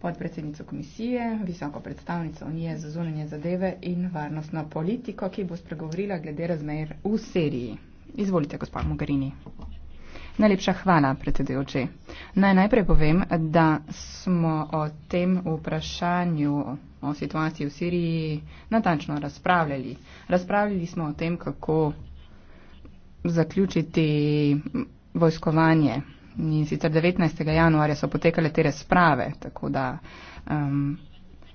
podpredsednico komisije, visoko predstavnico Unije za zunanje zadeve in varnostno politiko, ki bo spregovorila glede razmer v Siriji. Izvolite, gospod Mogarini. Najlepša hvala, predsedujoči. Naj najprej povem, da smo o tem vprašanju o situaciji v Siriji natančno razpravljali. Razpravljali smo o tem, kako zaključiti vojskovanje In sicer 19. januarja so potekale te razprave, tako da um,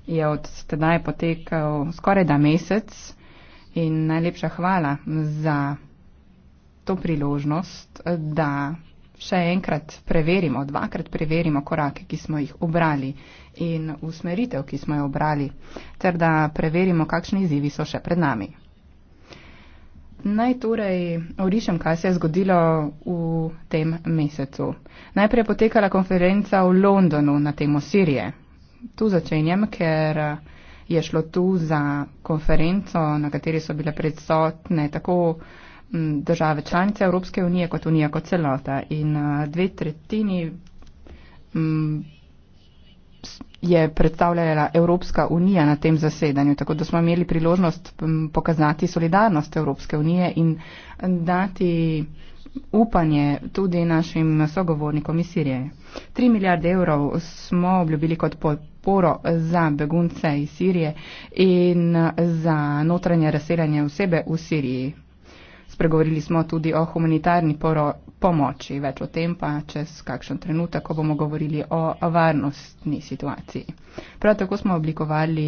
je od tedaj potekal skoraj da mesec in najlepša hvala za to priložnost, da še enkrat preverimo, dvakrat preverimo korake, ki smo jih obrali in usmeritev, ki smo jo obrali, ter da preverimo, kakšni izzivi so še pred nami. Naj torej orišem, kaj se je zgodilo v tem mesecu. Najprej je potekala konferenca v Londonu na temo Sirije. Tu začenjam, ker eh, je šlo tu za konferenco, na kateri so bile predsotne tako države članice Evropske unije kot Unija kot celota. In eh, dve tretjini je predstavljala Evropska unija na tem zasedanju, tako da smo imeli priložnost pokazati solidarnost Evropske unije in dati upanje tudi našim sogovornikom iz Sirije. 3 milijarde evrov smo obljubili kot podporo za begunce iz Sirije in za notranje razseljanje osebe v Siriji. Spregovorili smo tudi o humanitarni poro, pomoči, več o tem pa čez kakšen trenutek, ko bomo govorili o varnostni situaciji. Prav tako smo oblikovali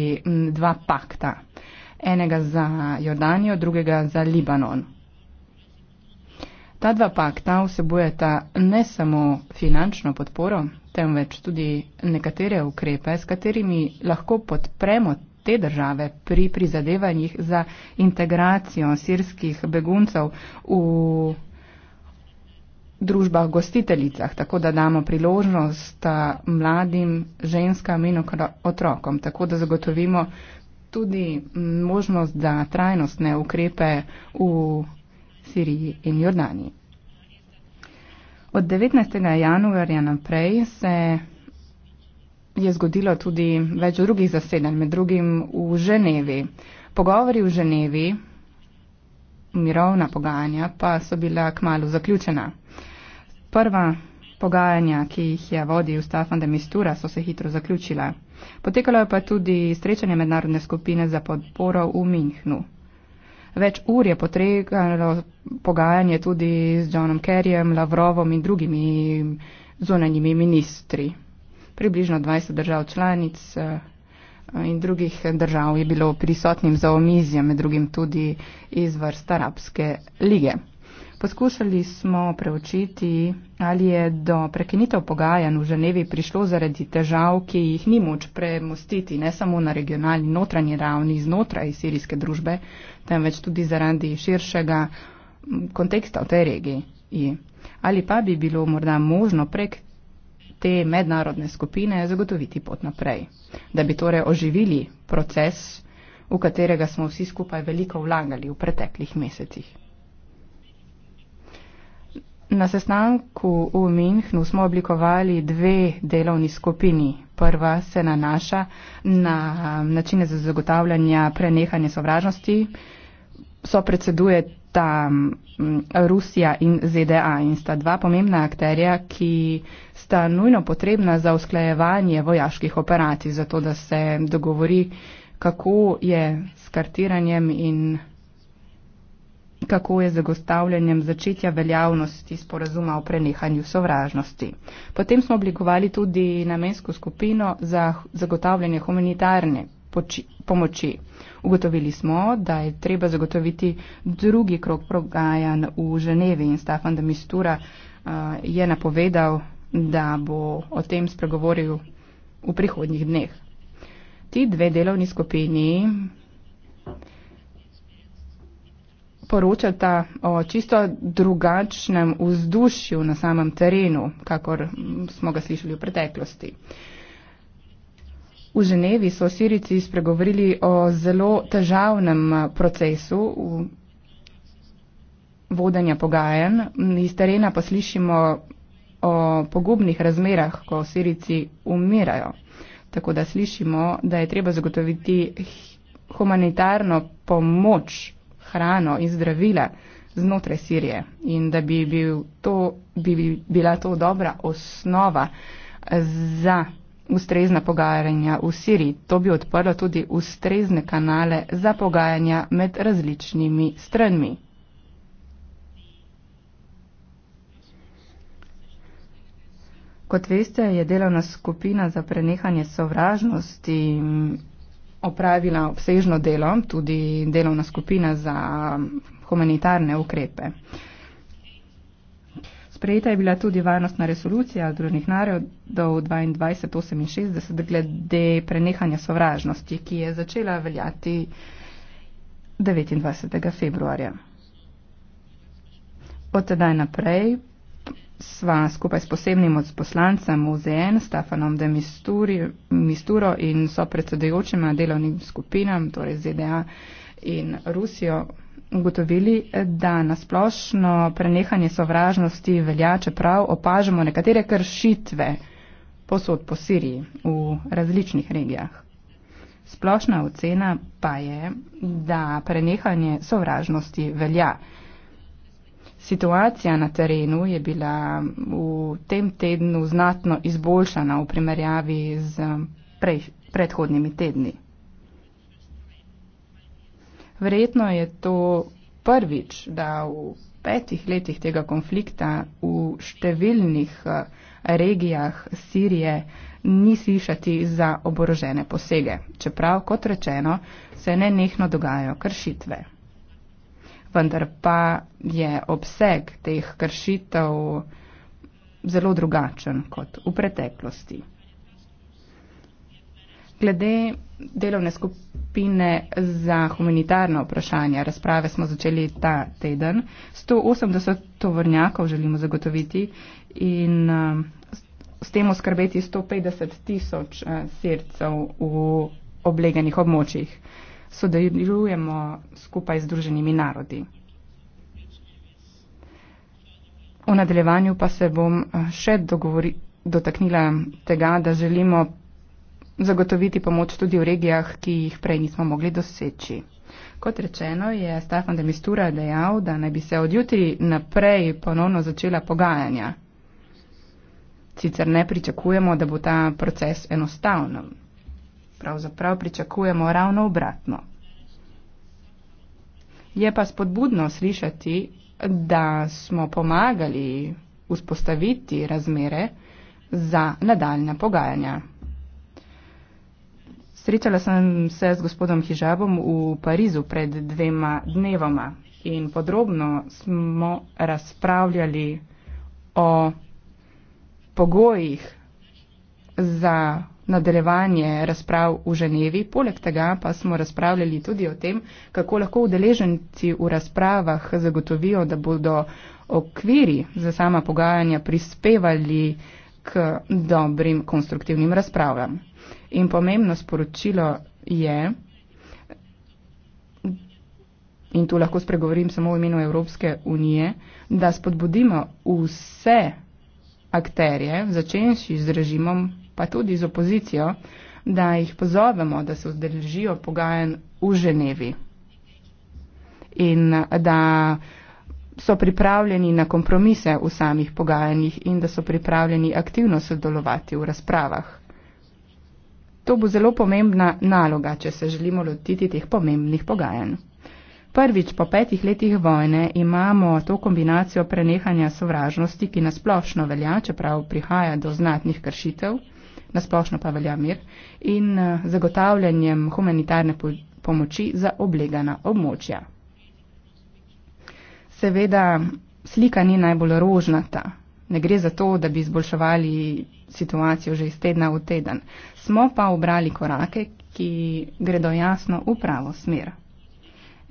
dva pakta, enega za Jordanijo, drugega za Libanon. Ta dva pakta vsebujeta ne samo finančno podporo, temveč tudi nekatere ukrepe, s katerimi lahko podpremo te države pri prizadevanjih za integracijo sirskih beguncev v družbah gostiteljicah, tako da damo priložnost mladim ženskam in otrokom, tako da zagotovimo tudi možnost za trajnostne ukrepe v Siriji in Jordaniji. Od 19. januarja naprej se je zgodilo tudi več drugih zasedanj, med drugim v Ženevi. Pogovori v Ženevi, mirovna pogajanja, pa so bila kmalo zaključena. Prva pogajanja, ki jih je vodil Stefan de Mistura, so se hitro zaključila. Potekalo je pa tudi srečanje mednarodne skupine za podporo v Minhnu. Več ur je potrebalo pogajanje tudi z Johnom Kerjem, Lavrovom in drugimi zunanjimi ministri približno 20 držav članic eh, in drugih držav je bilo prisotnim za omizje, med drugim tudi iz vrsta Arabske lige. Poskušali smo preučiti, ali je do prekinitev pogajanj v Ženevi prišlo zaradi težav, ki jih ni moč premostiti ne samo na regionalni notranji ravni znotraj sirijske družbe, temveč tudi zaradi širšega konteksta v tej regiji. Ali pa bi bilo morda možno prek te mednarodne skupine zagotoviti pot naprej, da bi torej oživili proces, v katerega smo vsi skupaj veliko vlagali v preteklih mesecih. Na sestanku v Minhnu smo oblikovali dve delovni skupini. Prva se nanaša na načine za zagotavljanje prenehanja sovražnosti, so predseduje ta mm, Rusija in ZDA in sta dva pomembna akterja, ki sta nujno potrebna za usklajevanje vojaških operacij, zato da se dogovori, kako je s kartiranjem in kako je z zagostavljanjem začetja veljavnosti sporazuma o prenehanju sovražnosti. Potem smo oblikovali tudi namensko skupino za zagotavljanje humanitarne pomoči. Ugotovili smo, da je treba zagotoviti drugi krok progajan v Ženevi in Stefan de Mistura eh, je napovedal, da bo o tem spregovoril v prihodnjih dneh. Ti dve delovni skupini poročata o čisto drugačnem vzdušju na samem terenu, kakor smo ga slišali v preteklosti. Uh, V Ženevi so Sirici spregovorili o zelo težavnem eh, procesu vodenja pogajen. Iz terena pa slišimo o pogubnih razmerah, ko Sirici umirajo. Tako da slišimo, da je treba zagotoviti humanitarno pomoč, hrano in zdravila znotraj Sirije in da bi, bil to, bi bila to dobra osnova za ustrezna pogajanja v Siriji. To bi odprlo tudi ustrezne kanale za pogajanja med različnimi stranmi. Kot veste, je delovna skupina za prenehanje sovražnosti opravila obsežno delo, tudi delovna skupina za humanitarne ukrepe. Sprejeta je bila tudi varnostna resolucija Združenih narodov 2268 glede prenehanja sovražnosti, ki je začela veljati 29. februarja. Od tedaj naprej sva skupaj s posebnim odposlancem UZN, Stefanom de Misturi, Misturo in so predsedujočima delovnim skupinam, torej ZDA in Rusijo, ugotovili, da nasplošno prenehanje sovražnosti velja, čeprav opažamo nekatere kršitve posod po Siriji v različnih regijah. Splošna ocena pa je, da prenehanje sovražnosti velja. Situacija na terenu je bila v tem tednu znatno izboljšana v primerjavi z prej, predhodnimi tedni. Verjetno je to prvič, da v petih letih tega konflikta v številnih eh, regijah Sirije ni slišati za oborožene posege, čeprav, kot rečeno, se ne nehno dogajajo kršitve. Vendar pa je obseg teh kršitev zelo drugačen kot v preteklosti. Glede delovne skupine za humanitarno vprašanje, razprave smo začeli ta teden. 180 tovornjakov želimo zagotoviti in eh, s tem oskrbeti 150 tisoč eh, sircev v obleganih območjih. Sodelujemo skupaj z druženimi narodi. V nadaljevanju pa se bom eh, še dotaknila tega, da želimo zagotoviti pomoč tudi v regijah, ki jih prej nismo mogli doseči. Kot rečeno, je Stefan de Mistura dejal, da naj bi se od jutri naprej ponovno začela pogajanja. Sicer ne pričakujemo, da bo ta proces enostaven. Pravzaprav pričakujemo ravno obratno. Je pa spodbudno slišati, da smo pomagali vzpostaviti razmere za nadaljna pogajanja. Srečala sem se z gospodom Hižabom v Parizu pred dvema dnevoma in podrobno smo razpravljali o pogojih za nadaljevanje razprav v Ženevi. Poleg tega pa smo razpravljali tudi o tem, kako lahko udeleženci v razpravah zagotovijo, da bodo okviri za sama pogajanja prispevali k dobrim, konstruktivnim razpravam. In pomembno sporočilo je, in tu lahko spregovorim samo v imenu Evropske unije, da spodbudimo vse akterje, začenši z režimom, pa tudi z opozicijo, da jih pozovemo, da se vzdržijo pogajanj v Ženevi. In da so pripravljeni na kompromise v samih pogajanjih in da so pripravljeni aktivno sodelovati v razpravah. To bo zelo pomembna naloga, če se želimo lotiti teh pomembnih pogajanj. Prvič po petih letih vojne imamo to kombinacijo prenehanja sovražnosti, ki nasplošno velja, čeprav prihaja do znatnih kršitev, nasplošno pa velja mir, in eh, zagotavljanjem humanitarne pomoči za oblegana območja. Seveda, slika ni najbolj rožnata. Ne gre za to, da bi izboljševali situacijo že iz tedna v teden. Smo pa obrali korake, ki gredo jasno v pravo smer.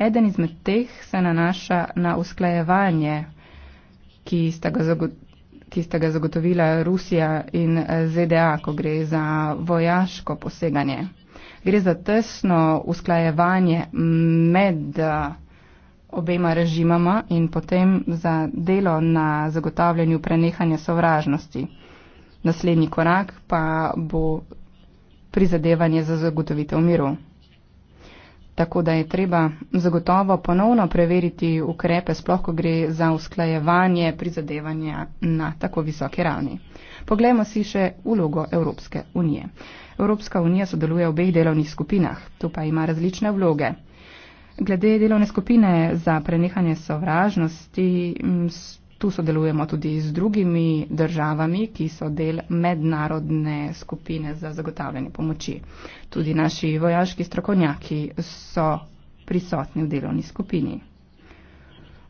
Eden izmed teh se nanaša na usklajevanje, ki sta ga, zago ki sta ga zagotovila Rusija in ZDA, ko gre za vojaško poseganje. Gre za tesno usklajevanje med. Uh, obema režimama in potem za delo na zagotavljanju prenehanja sovražnosti. Naslednji korak pa bo prizadevanje za zagotovitev miru. Tako da je treba zagotovo ponovno preveriti ukrepe, sploh ko gre za usklajevanje prizadevanja na tako visoki ravni. Poglejmo si še vlogo Evropske unije. Evropska unija sodeluje v obeh delovnih skupinah, tu pa ima različne vloge. Glede delovne skupine za prenehanje sovražnosti, mm, tu sodelujemo tudi z drugimi državami, ki so del mednarodne skupine za zagotavljanje pomoči. Tudi naši vojaški strokovnjaki so prisotni v delovni skupini.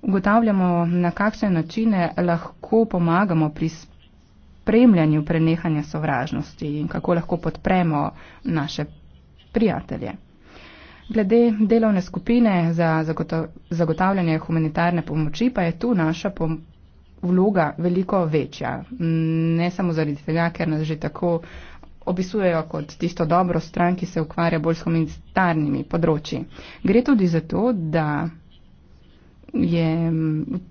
Ugotavljamo, na kakšne načine lahko pomagamo pri spremljanju prenehanja sovražnosti in kako lahko podpremo naše prijatelje. Glede delovne skupine za zagotavljanje humanitarne pomoči pa je tu naša vloga veliko večja. Ne samo zaradi tega, ker nas že tako opisujejo kot tisto dobro stran, ki se ukvarja bolj s humanitarnimi področji. Gre tudi za to, da je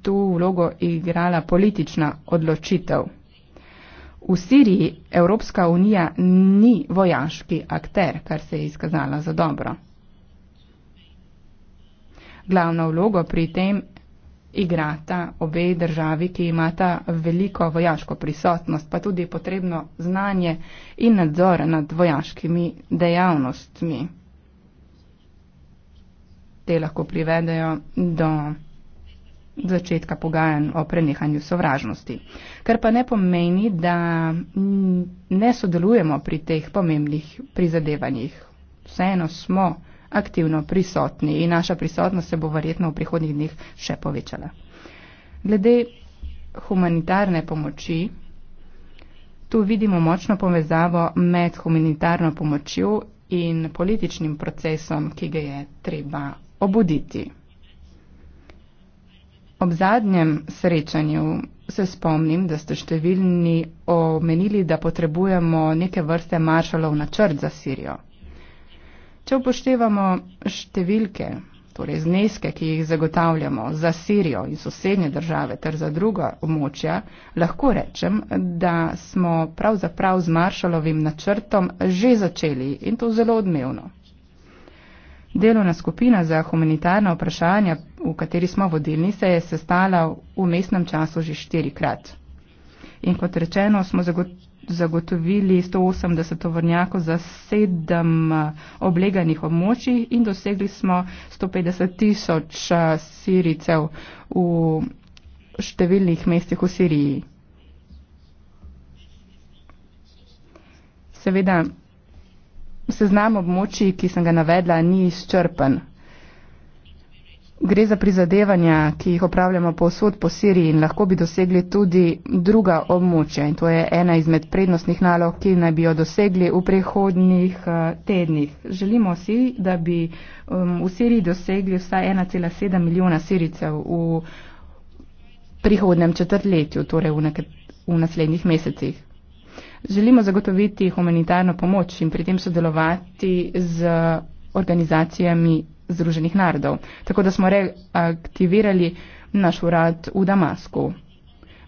tu vlogo igrala politična odločitev. V Siriji Evropska unija ni vojaški akter, kar se je izkazala za dobro glavno vlogo pri tem igrata obe državi, ki imata veliko vojaško prisotnost, pa tudi potrebno znanje in nadzor nad vojaškimi dejavnostmi. Te lahko privedejo do začetka pogajanj o prenehanju sovražnosti. Kar pa ne pomeni, da ne sodelujemo pri teh pomembnih prizadevanjih. Vseeno smo aktivno prisotni in naša prisotnost se bo verjetno v prihodnjih dneh še povečala. Glede humanitarne pomoči, tu vidimo močno povezavo med humanitarno pomočjo in političnim procesom, ki ga je treba obuditi. Ob zadnjem srečanju se spomnim, da ste številni omenili, da potrebujemo neke vrste maršalov načrt za Sirijo. Če upoštevamo številke, torej zneske, ki jih zagotavljamo za Sirijo in sosednje države ter za druga območja, lahko rečem, da smo pravzaprav z Maršalovim načrtom že začeli in to zelo odmevno. Delovna skupina za humanitarna vprašanja, v kateri smo vodilni, se je sestala v mestnem času že štirikrat. In kot rečeno, smo zagotovili zagotovili 180 tovornjakov za sedem eh, obleganih območij in dosegli smo 150 tisoč eh, siricev v številnih mestih v Siriji. Seveda, seznam območij, ki sem ga navedla, ni izčrpen. Gre za prizadevanja, ki jih opravljamo povsod po Siriji in lahko bi dosegli tudi druga območja. In to je ena izmed prednostnih nalog, ki naj bi jo dosegli v prihodnih eh, tednih. Želimo si, da bi um, v Siriji dosegli vsaj 1,7 milijona Siricev v prihodnem četrtletju, torej v, neke, v naslednjih mesecih. Želimo zagotoviti humanitarno pomoč in pri tem sodelovati z organizacijami Združenih narodov. Tako da smo reaktivirali naš urad v Damasku.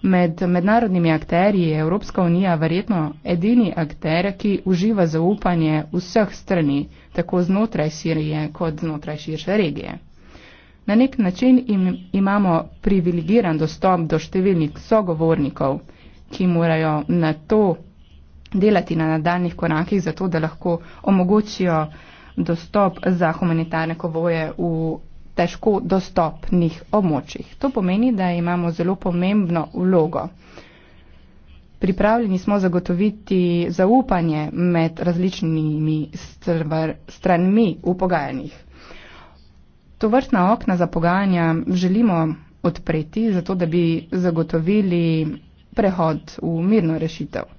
Med mednarodnimi akterji je Evropska unija verjetno edini akter, ki uživa zaupanje vseh strani, tako znotraj Sirije kot znotraj širše regije. Na nek način im, imamo privilegiran dostop do številnih sogovornikov, ki morajo na to delati na nadaljnih korakih, zato da lahko omogočijo dostop za humanitarne kovoje v težko dostopnih območjih. To pomeni, da imamo zelo pomembno vlogo. Pripravljeni smo zagotoviti zaupanje med različnimi stranmi v pogajanjih. To vrtna okna za pogajanja želimo odpreti, zato da bi zagotovili prehod v mirno rešitev.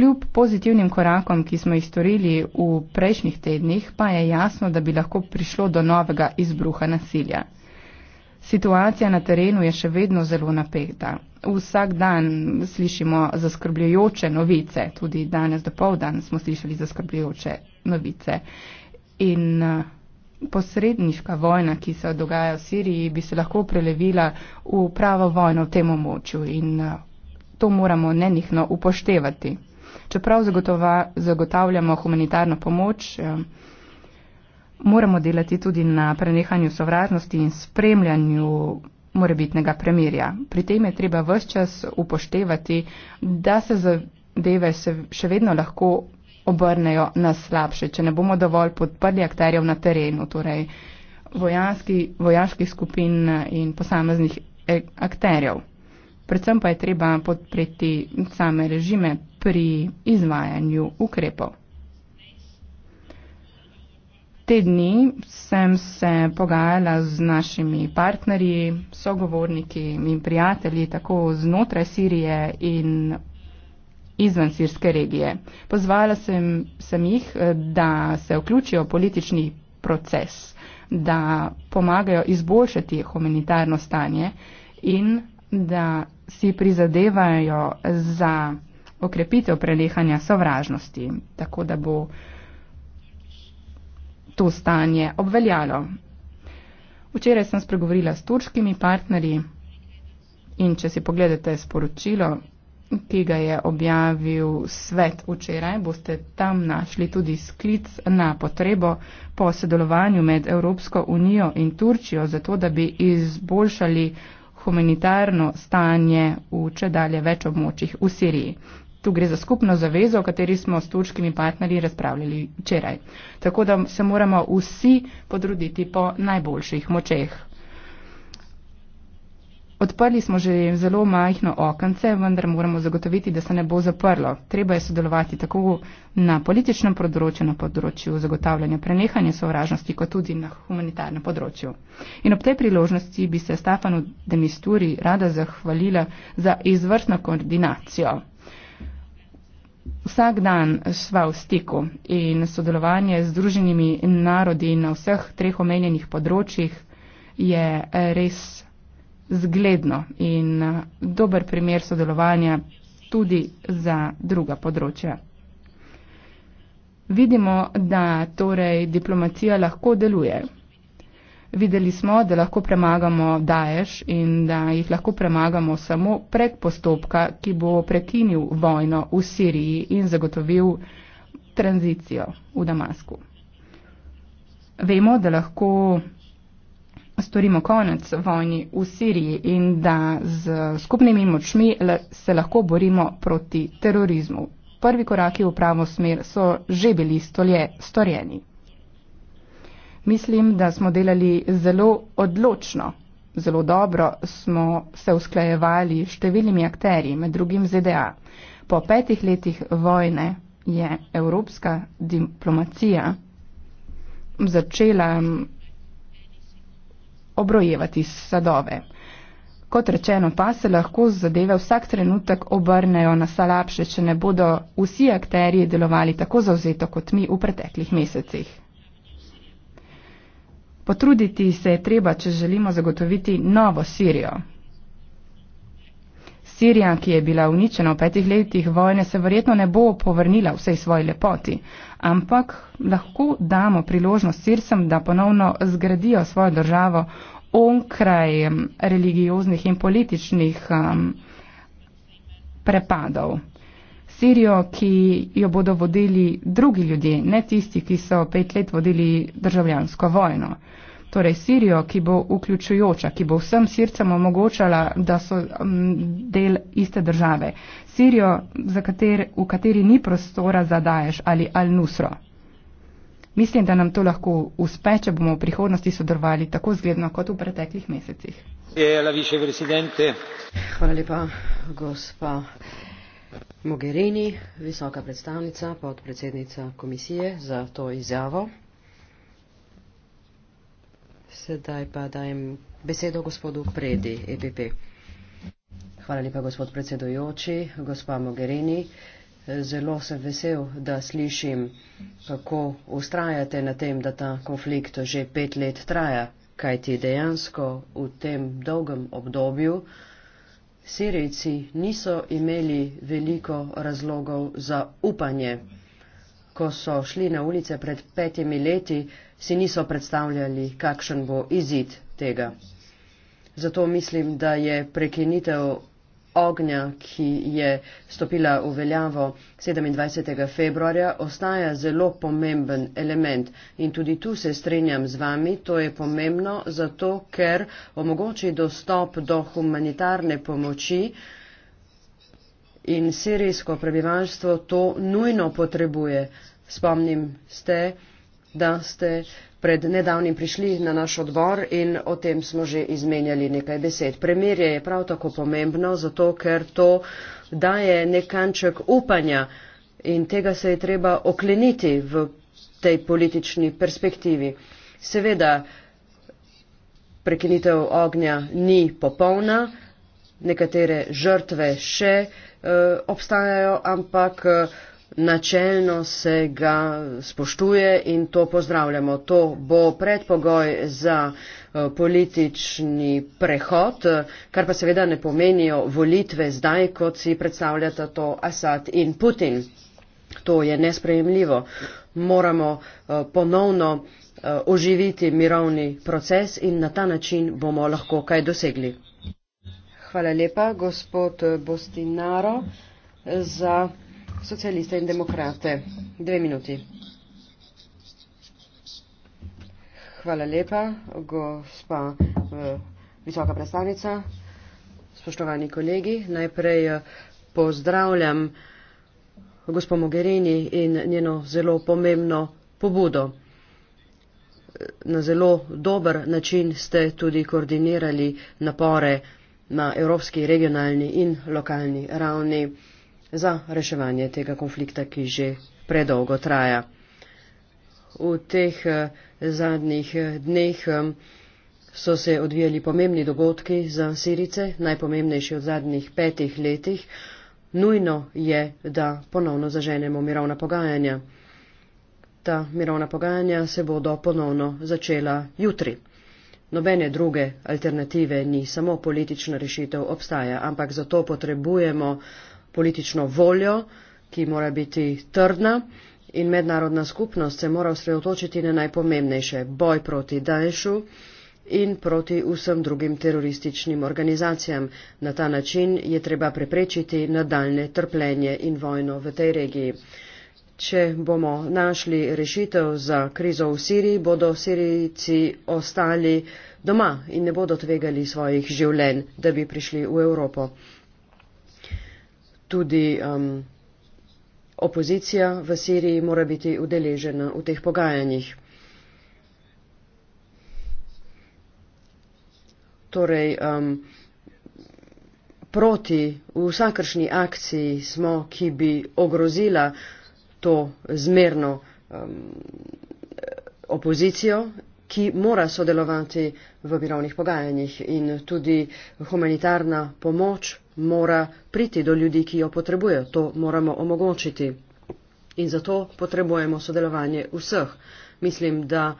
Kljub pozitivnim korakom, ki smo jih storili v prejšnjih tednih, pa je jasno, da bi lahko prišlo do novega izbruha nasilja. Situacija na terenu je še vedno zelo napeta. Vsak dan slišimo zaskrbljujoče novice, tudi danes do povdan smo slišali zaskrbljujoče novice. In eh, posredniška vojna, ki se dogaja v Siriji, bi se lahko prelevila v pravo vojno v tem območju in eh, to moramo nenihno upoštevati čeprav zagotavljamo humanitarno pomoč, eh, moramo delati tudi na prenehanju sovražnosti in spremljanju morebitnega premirja. Pri tem je treba vse čas upoštevati, da se zadeve še vedno lahko obrnejo na slabše, če ne bomo dovolj podprli akterjev na terenu, torej vojanski, vojaških skupin in posameznih eh, akterjev. Predvsem pa je treba podpreti same režime, pri izvajanju ukrepov. Te dni sem se pogajala z našimi partnerji, sogovorniki in prijatelji tako znotraj Sirije in izven sirske regije. Pozvala sem, sem jih, da se vključijo v politični proces, da pomagajo izboljšati humanitarno stanje in da si prizadevajo za okrepitev prenehanja sovražnosti, tako da bo to stanje obveljalo. Včeraj sem spregovorila s turškimi partnerji in če si pogledate sporočilo, ki ga je objavil svet včeraj, boste tam našli tudi sklic na potrebo po sodelovanju med Evropsko unijo in Turčijo, zato da bi izboljšali humanitarno stanje v če dalje več območjih v Siriji. Tu gre za skupno zavezo, o kateri smo s turškimi partnerji razpravljali včeraj. Tako da se moramo vsi podruditi po najboljših močeh. Odprli smo že zelo majhno okance, vendar moramo zagotoviti, da se ne bo zaprlo. Treba je sodelovati tako na političnem področju, na področju zagotavljanja prenehanja sovražnosti, kot tudi na humanitarnem področju. In ob tej priložnosti bi se Stefanu Demisturi rada zahvalila za izvrstno koordinacijo. Vsak dan sva v stiku in sodelovanje z druženimi narodi na vseh treh omenjenih področjih je res zgledno in eh, dober primer sodelovanja tudi za druga področja. Vidimo, da torej diplomacija lahko deluje. Videli smo, da lahko premagamo Daesh in da jih lahko premagamo samo prek postopka, ki bo prekinil vojno v Siriji in zagotovil tranzicijo v Damasku. Vemo, da lahko storimo konec vojni v Siriji in da z skupnimi močmi se lahko borimo proti terorizmu. Prvi koraki v pravo smer so že bili stolje, storjeni. Mislim, da smo delali zelo odločno, zelo dobro smo se usklajevali s številnimi akteri, med drugim ZDA. Po petih letih vojne je evropska diplomacija začela mm, obrojevati sadove. Kot rečeno, pa se lahko zadeve vsak trenutek obrnejo na slabše, če ne bodo vsi akteri delovali tako zauzeto kot mi v preteklih mesecih. Potruditi se je treba, če želimo zagotoviti novo Sirijo. Sirija, ki je bila uničena v petih letih vojne, se verjetno ne bo povrnila vsej svoji lepoti, ampak lahko damo priložnost Sircem, da ponovno zgradijo svojo državo onkraj religioznih in političnih um, prepadov. Sirijo, ki jo bodo vodili drugi ljudje, ne tisti, ki so pet let vodili državljansko vojno. Torej Sirijo, ki bo vključujoča, ki bo vsem Sircem omogočala, da so mm, del iste države. Sirijo, kater, v kateri ni prostora za Daješ ali Al-Nusro. Mislim, da nam to lahko uspe, če bomo v prihodnosti sodelovali tako zgledno kot v preteklih mesecih. Hvala lepa, gospa. Mogherini, visoka predstavnica, podpredsednica komisije za to izjavo. Sedaj pa dajem besedo gospodu Predi, EPP. Hvala lepa, gospod predsedujoči, gospa Mogherini. Zelo sem vesel, da slišim, kako ustrajate na tem, da ta konflikt že pet let traja, kajti dejansko v tem dolgem obdobju Sirijci niso imeli veliko razlogov za upanje. Ko so šli na ulice pred petimi leti, si niso predstavljali, kakšen bo izid tega. Zato mislim, da je prekinitev ognja, ki je stopila v veljavo 27. februarja, ostaja zelo pomemben element. In tudi tu se strenjam z vami, to je pomembno, zato ker omogoči dostop do humanitarne pomoči. In sirijsko prebivalstvo to nujno potrebuje. Spomnim ste, da ste pred nedavnim prišli na naš odbor in o tem smo že izmenjali nekaj besed. Premirje je prav tako pomembno, zato ker to daje nekanček upanja in tega se je treba okleniti v tej politični perspektivi. Seveda prekinitev ognja ni popolna, nekatere žrtve še uh, obstajajo, ampak uh, načelno se ga spoštuje in to pozdravljamo. To bo predpogoj za eh, politični prehod, kar pa seveda ne pomenijo volitve zdaj, kot si predstavljata to Asad in Putin. To je nespremljivo. Moramo eh, ponovno eh, oživiti mirovni proces in na ta način bomo lahko kaj dosegli. Hvala lepa, gospod Bostinaro, za socialiste in demokrate. Dve minuti. Hvala lepa, gospa eh, visoka predstavnica, spoštovani kolegi. Najprej eh, pozdravljam gospo Mogherini in njeno zelo pomembno pobudo. Na zelo dober način ste tudi koordinirali napore na evropski, regionalni in lokalni ravni za reševanje tega konflikta, ki že predolgo traja. V teh eh, zadnjih eh, dneh eh, so se odvijali pomembni dogodki za Sirice, najpomembnejši od zadnjih petih letih. Nujno je, da ponovno zaženemo mirovna pogajanja. Ta mirovna pogajanja se bodo ponovno začela jutri. Nobene druge alternative ni, samo politična rešitev obstaja, ampak zato potrebujemo politično voljo, ki mora biti trdna in mednarodna skupnost se mora osredotočiti na najpomembnejše boj proti Daješu in proti vsem drugim terorističnim organizacijam. Na ta način je treba preprečiti nadaljne trpljenje in vojno v tej regiji. Če bomo našli rešitev za krizo v Siriji, bodo Sirijci ostali doma in ne bodo tvegali svojih življenj, da bi prišli v Evropo tudi um, opozicija v Siriji mora biti udeležena v teh pogajanjih. Torej, um, proti vsakršni akciji smo, ki bi ogrozila to zmerno um, opozicijo, ki mora sodelovati v mirovnih pogajanjih in tudi humanitarna pomoč mora priti do ljudi, ki jo potrebujejo. To moramo omogočiti. In zato potrebujemo sodelovanje vseh. Mislim, da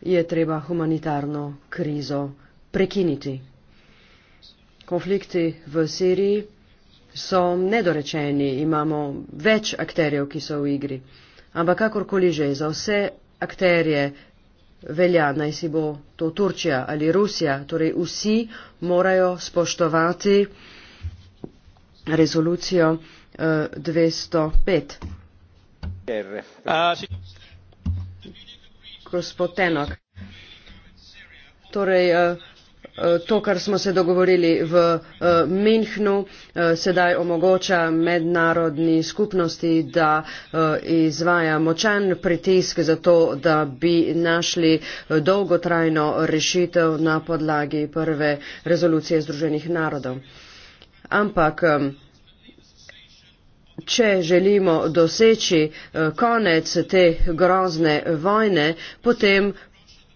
je treba humanitarno krizo prekiniti. Konflikti v Siriji so nedorečeni, imamo več akterjev, ki so v igri. Ampak kakorkoli že, za vse akterje velja, naj si bo to Turčija ali Rusija. Torej vsi morajo spoštovati rezolucijo uh, eh, 205. Gospod Tenok. Torej, uh, Eh, to, kar smo se dogovorili v eh, Minhnu, eh, sedaj omogoča mednarodni skupnosti, da izvaja močan pritisk za to, da bi našli dolgotrajno rešitev na podlagi prve rezolucije Združenih narodov. Ampak, če želimo doseči konec te grozne vojne, potem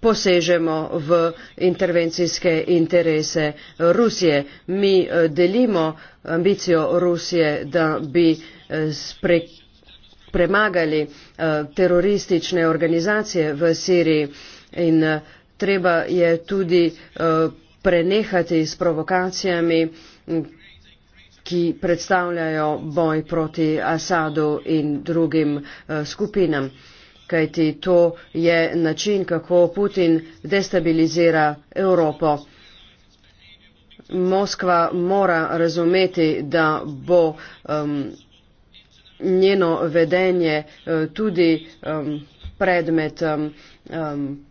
posežemo v intervencijske interese Rusije. Mi eh, delimo ambicijo Rusije, da bi eh, sprek premagali eh, teroristične organizacije v Siriji in treba je tudi prenehati s provokacijami, ki predstavljajo boj proti Asadu in drugim skupinam kajti to je način, kako Putin destabilizira Evropo. Moskva mora razumeti, da bo um, njeno vedenje uh, tudi um, predmet um, um,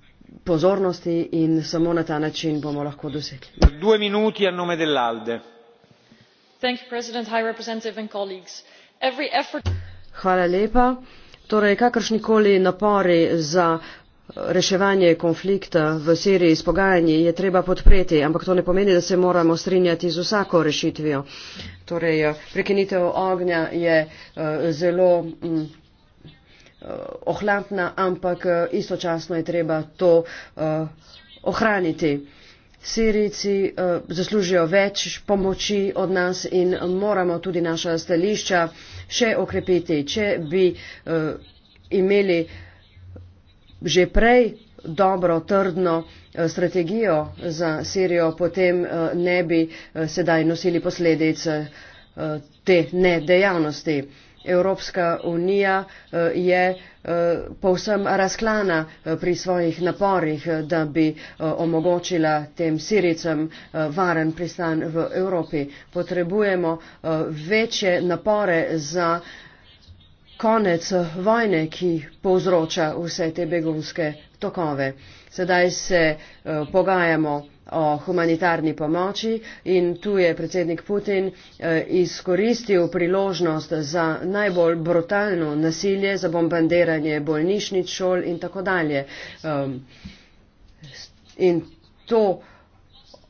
pozornosti in samo na ta način bomo lahko dosegli. Dve minuti a nome dell'Alde. Hvala lepa. Torej, kakršnikoli napori za reševanje konflikta v Siriji s pogajanji je treba podpreti, ampak to ne pomeni, da se moramo strinjati z vsako rešitvijo. Torej, eh, prekinitev ognja je eh, zelo mm, eh, ohlapna, ampak istočasno je treba to ohraniti. Sirici eh, zaslužijo več pomoči od nas in moramo tudi naša stališča še okrepiti. Če bi eh, imeli že prej dobro, trdno eh, strategijo za Sirijo, potem ne bi sedaj nosili posledic te nedejavnosti. Evropska unija eh, je eh, povsem razklana eh, pri svojih naporih, da bi omogočila tem siricam varen pristan v Evropi. Potrebujemo večje napore za konec vojne, ki povzroča vse te begunske tokove. Sedaj se pogajamo o humanitarni pomoči in tu je predsednik Putin eh, izkoristil priložnost za najbolj brutalno nasilje, za bombardiranje bolnišnic, šol in tako dalje. Um, in to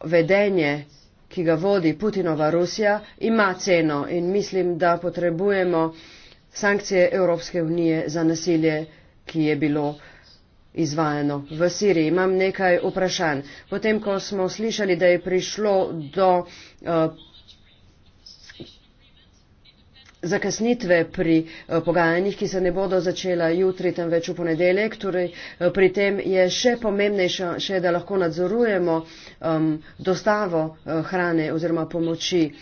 vedenje, ki ga vodi Putinova Rusija, ima ceno in mislim, da potrebujemo sankcije Evropske unije za nasilje, ki je bilo izvajano. V Siriji imam nekaj vprašanj. Potem, ko smo slišali, da je prišlo do eh, zakasnitve pri eh, pogajanjih, ki se ne bodo začela jutri, temveč v ponedeljek. Torej, eh, pri tem je še pomembnejše, še, da lahko nadzorujemo um, dostavo hrane oziroma pomoči. Uh,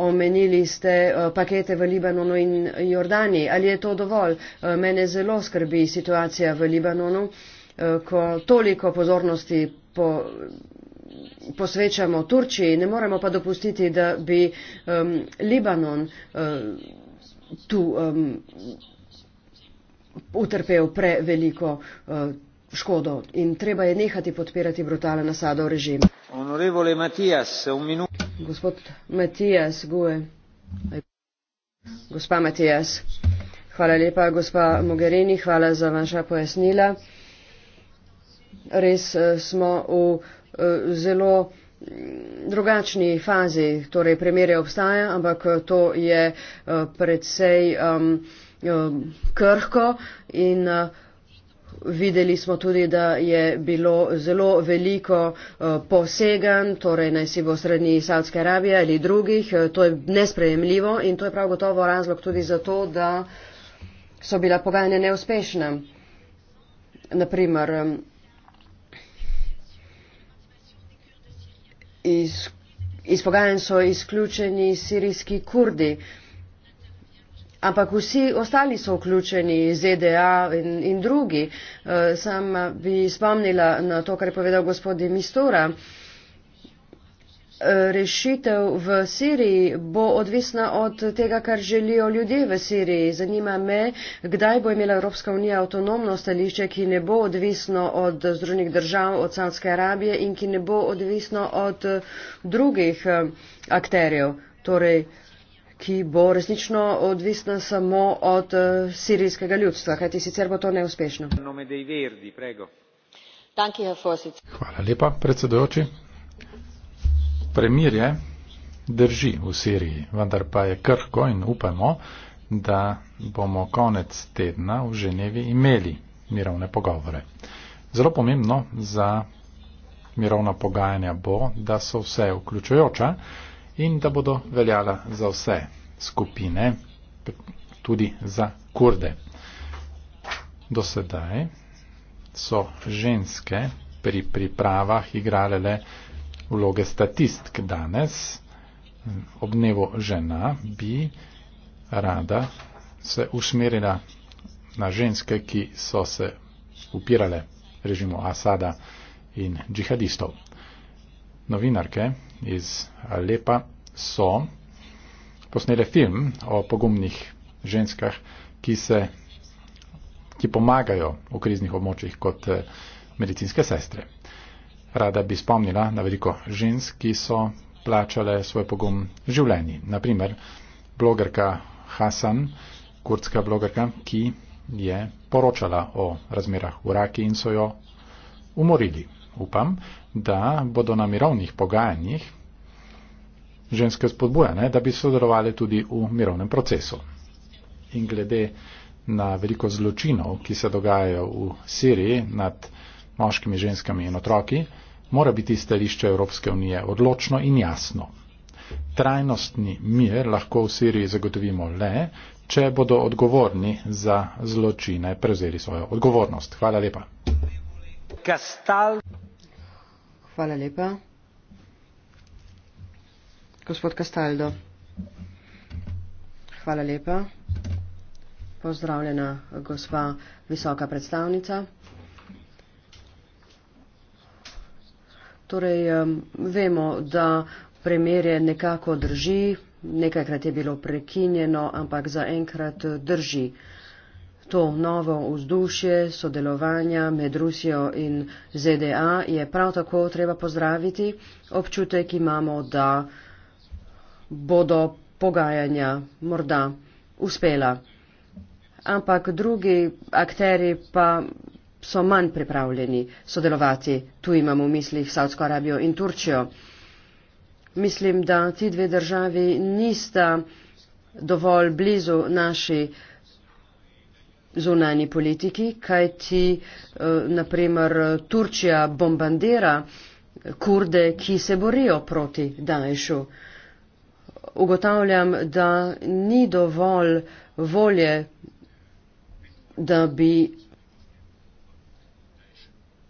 omenili ste eh, pakete v Libanonu in Jordani. Ali je to dovolj? Eh, mene zelo skrbi situacija v Libanonu, eh, ko toliko pozornosti po posvečamo Turčiji, ne moremo pa dopustiti, da bi um, Libanon uh, tu um, utrpel preveliko uh, škodo in treba je nehati podpirati brutalen nasadov režim. Honorevole Matijas, v minuti gospod Matijas Guje. Gospa Matijas, hvala lepa, gospa Mogherini, hvala za vaša pojasnila. Res eh, smo v eh, zelo mm, drugačni fazi, torej premjere obstaja, ampak eh, to je predvsej um, krhko in uh, Videli smo tudi, da je bilo zelo veliko eh, posegan, torej naj si bo srednji Saudske Arabije ali drugih. Eh, to je nesprejemljivo in to je prav gotovo razlog tudi za to, da so bila pogajanja neuspešna. Naprimer, iz, iz pogajanj so izključeni sirijski kurdi. Ampak vsi ostali so vključeni, ZDA in, in drugi. Eh, Sama bi spomnila na to, kar je povedal gospod Mistura. Eh, rešitev v Siriji bo odvisna od tega, kar želijo ljudje v Siriji. Zanima me, kdaj bo imela Evropska unija avtonomno stališče, ki ne bo odvisno od Združenih držav, od Saudske Arabije in ki ne bo odvisno od drugih eh, akterjev. Torej, ki bo resnično odvisna samo od uh, sirijskega ljudstva, kajti sicer bo to neuspešno. Hvala lepa, predsedujoči. Premirje drži v Siriji, vendar pa je krhko in upamo, da bomo konec tedna v Ženevi imeli mirovne pogovore. Zelo pomembno za mirovna pogajanja bo, da so vse vključujoča in da bodo veljala za vse skupine, tudi za kurde. Do sedaj so ženske pri pripravah igrale le vloge statistk. Danes ob dnevu žena bi rada se usmerila na ženske, ki so se upirale režimu Asada in džihadistov. Novinarke iz Alepa so posnele film o pogumnih ženskah, ki, se, ki pomagajo v kriznih območjih kot eh, medicinske sestre. Rada bi spomnila na veliko žensk, ki so plačale svoj pogum življenji. Naprimer, blogerka Hasan, kurdska blogerka, ki je poročala o razmerah v Raki in so jo umorili upam, da bodo na mirovnih pogajanjih ženske spodbujane, da bi sodelovali tudi v mirovnem procesu. In glede na veliko zločinov, ki se dogajajo v Siriji nad moškimi, ženskami in otroki, mora biti stališče Evropske unije odločno in jasno. Trajnostni mir lahko v Siriji zagotovimo le, če bodo odgovorni za zločine prevzeli svojo odgovornost. Hvala lepa. Hvala lepa. Gospod Castaldo. Hvala lepa. Pozdravljena gospa visoka predstavnica. Torej, vemo, da premjer je nekako drži, nekajkrat je bilo prekinjeno, ampak zaenkrat drži. To novo vzdušje sodelovanja med Rusijo in ZDA je prav tako treba pozdraviti. Občutek imamo, da bodo pogajanja morda uspela. Ampak drugi akteri pa so manj pripravljeni sodelovati. Tu imamo v mislih Saudsko Arabijo in Turčijo. Mislim, da ti dve državi nista dovolj blizu naši zunani politiki, kaj ti, eh, naprimer, Turčija bombardira kurde, ki se borijo proti Daješu. Ugotavljam, da ni dovolj volje, da bi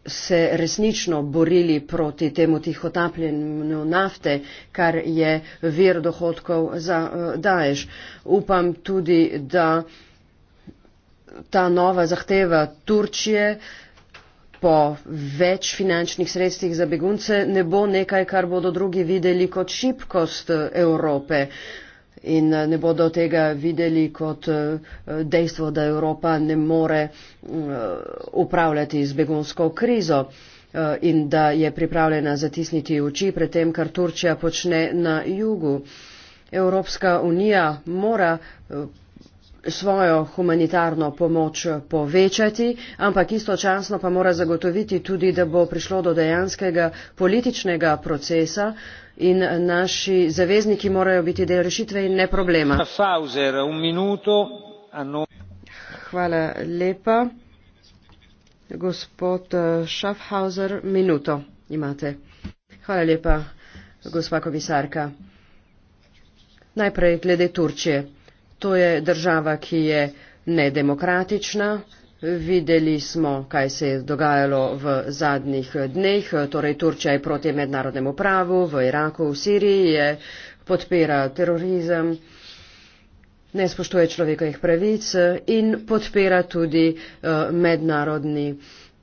se resnično borili proti temu tihotapljenju nafte, kar je vir dohodkov za eh, Daješ. Upam tudi, da ta nova zahteva Turčije po več finančnih sredstvih za begunce ne bo nekaj, kar bodo drugi videli kot šibkost eh, Evrope in eh, ne bodo tega videli kot eh, dejstvo, da Evropa ne more mm, upravljati z begunsko krizo in da je pripravljena zatisniti oči pred tem, kar Turčija počne na jugu. Evropska unija mora svojo humanitarno pomoč povečati, ampak istočasno pa mora zagotoviti tudi, da bo prišlo do dejanskega političnega procesa in naši zavezniki morajo biti del rešitve in ne problema. No- Hvala lepa. Gospod eh, Schaffhauser, minuto imate. Hvala lepa, gospa komisarka. Najprej glede Turčije. To je država, ki je nedemokratična. Videli smo, kaj se je dogajalo v zadnjih dneh. Torej, Turčija je proti mednarodnemu pravu, v Iraku, v Siriji je podpira terorizem, ne spoštuje človekovih pravic in podpira tudi eh, mednarodni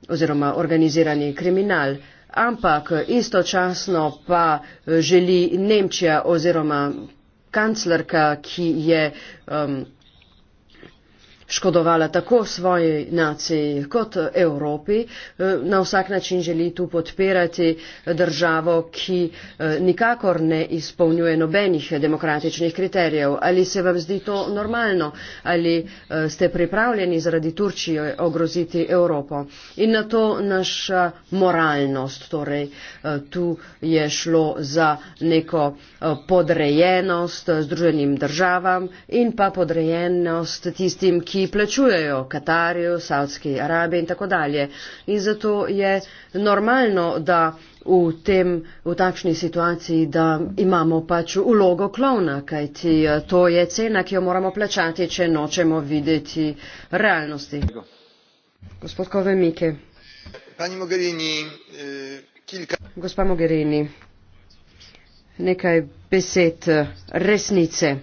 oziroma organizirani kriminal. Ampak istočasno pa eh, želi Nemčija oziroma kanclerka, ki je um, škodovala tako svoji naciji kot Evropi. Eh, na vsak način želi tu podpirati državo, ki eh, nikakor ne izpolnjuje nobenih demokratičnih kriterijev. Ali se vam zdi to normalno? Ali eh, ste pripravljeni zaradi Turčije ogroziti Evropo? In na to naša moralnost. Torej, tu je šlo za neko podrejenost združenim državam in pa podrejenost tistim, ki ki plačujejo Katarju, Saudski Arabiji in tako dalje. In zato je normalno, da v, tem, v takšni situaciji, da imamo pač ulogo klovna, kajti eh, to je cena, ki jo moramo plačati, če nočemo videti realnosti. Gospod Kovemike. Pani Mogherini, eh, kilka. Gospa Mogherini, nekaj besed eh, resnice.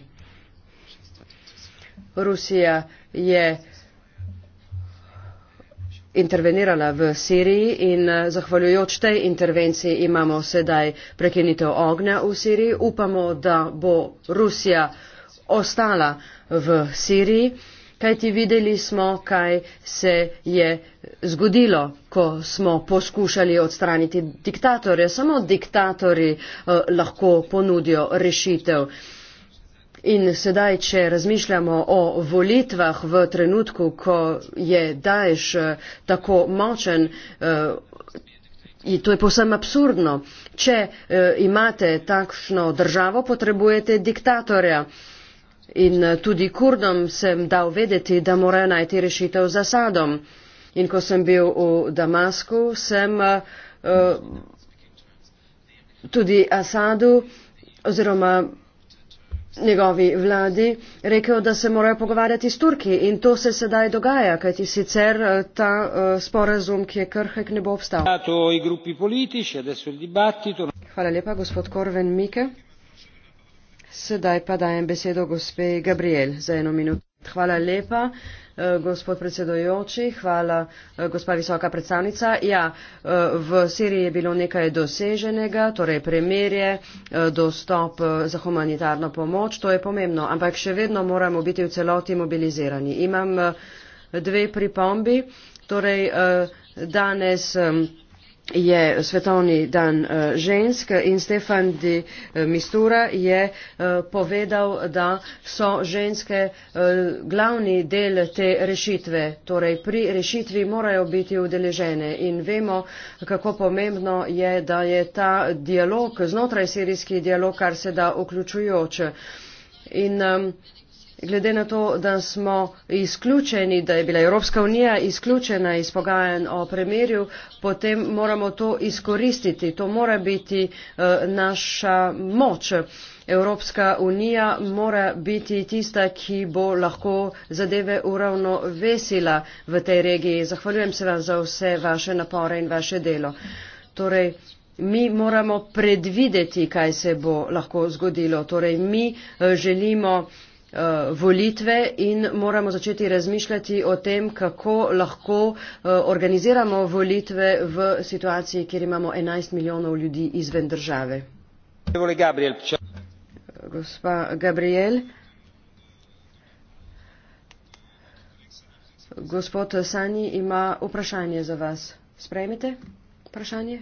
Rusija je intervenirala v Siriji in eh, zahvaljujoč tej intervenciji imamo sedaj prekinitev ognja v Siriji. Upamo, da bo Rusija ostala v Siriji, kajti videli smo, kaj se je zgodilo, ko smo poskušali odstraniti diktatorje. Samo diktatori eh, lahko ponudijo rešitev. Eh, In sedaj, če razmišljamo o volitvah v trenutku, ko je Daesh eh, tako močen, eh, to je povsem absurdno. Če eh, imate takšno državo, potrebujete diktatorja. In tudi kurdom sem dal vedeti, da morajo najti rešitev za sadom. In ko sem bil v Damasku, sem uh, tudi Asadu oziroma njegovi vladi rekel, da se morajo pogovarjati s Turki in to se sedaj dogaja, kajti sicer eh, ta eh, sporazum, ki je krhek, ne bo obstal. Hvala lepa, gospod Korven Mike. Sedaj pa dajem besedo gospe Gabriel za eno minuto. Hvala lepa, eh, gospod predsedojoči, hvala, eh, gospa visoka predstavnica. Ja, eh, v Siriji je bilo nekaj doseženega, torej premirje, dostop za humanitarno pomoč, to je pomembno, ampak še vedno moramo biti v celoti mobilizirani. Imam dve pripombi, torej danes je svetovni dan eh, žensk in Stefan di eh, Mistura je eh, povedal, da so ženske glavni del te rešitve. Torej, pri rešitvi morajo biti udeležene in vemo, kako pomembno je, da je ta dialog, znotraj sirijski dialog, kar se da vključujoč. In, um, glede na to, da smo izključeni, da je bila Evropska unija izključena iz pogajanj o premirju, potem moramo to izkoristiti. To mora biti uh, naša moč. Evropska unija mora biti tista, ki bo lahko zadeve uravnovesila v tej regiji. Zahvaljujem se vam za vse vaše napore in vaše delo. Torej, Mi moramo predvideti, kaj se bo lahko zgodilo. Torej, mi eh, želimo uh, Eh, volitve in moramo začeti razmišljati o tem, kako lahko eh, organiziramo volitve v situaciji, kjer imamo 11 milijonov ljudi izven države. Gabriel, če... Gospa Gabriel. Gospod Sani ima vprašanje za vas. Sprejmite vprašanje?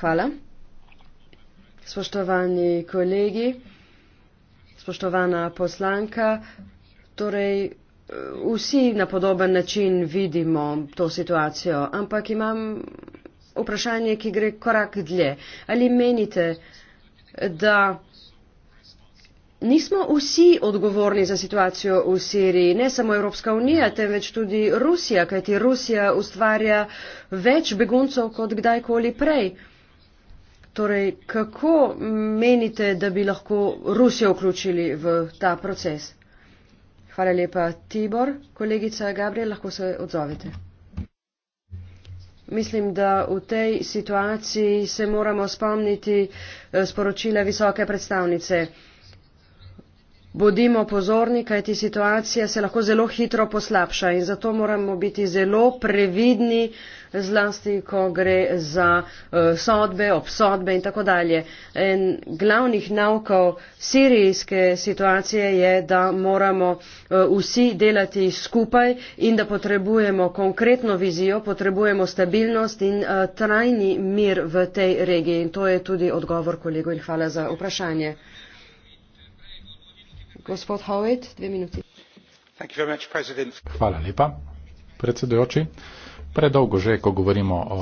Hvala spoštovani kolegi, spoštovana poslanka. Torej, vsi na podoben način vidimo to situacijo, ampak imam vprašanje, ki gre korak dlje. Ali menite, da nismo vsi odgovorni za situacijo v Siriji, ne samo Evropska unija, temveč tudi Rusija, kajti Rusija ustvarja več beguncov kot kdajkoli prej? Torej, kako menite, da bi lahko Rusijo vključili v ta proces? Hvala lepa, Tibor. Kolegica Gabriel, lahko se odzovete. Mislim, da v tej situaciji se moramo spomniti eh, sporočila visoke predstavnice. Bodimo pozorni, kajti situacija se lahko zelo hitro poslabša in zato moramo biti zelo previdni, zlasti, ko gre za eh, sodbe, obsodbe in tako dalje. En glavnih naukov sirijske situacije je, da moramo eh, vsi delati skupaj in da potrebujemo konkretno vizijo, potrebujemo stabilnost in eh, trajni mir v tej regiji. In to je tudi odgovor kolegu in hvala za vprašanje. Hvala lepa, predsedujoči. Predolgo že, ko govorimo o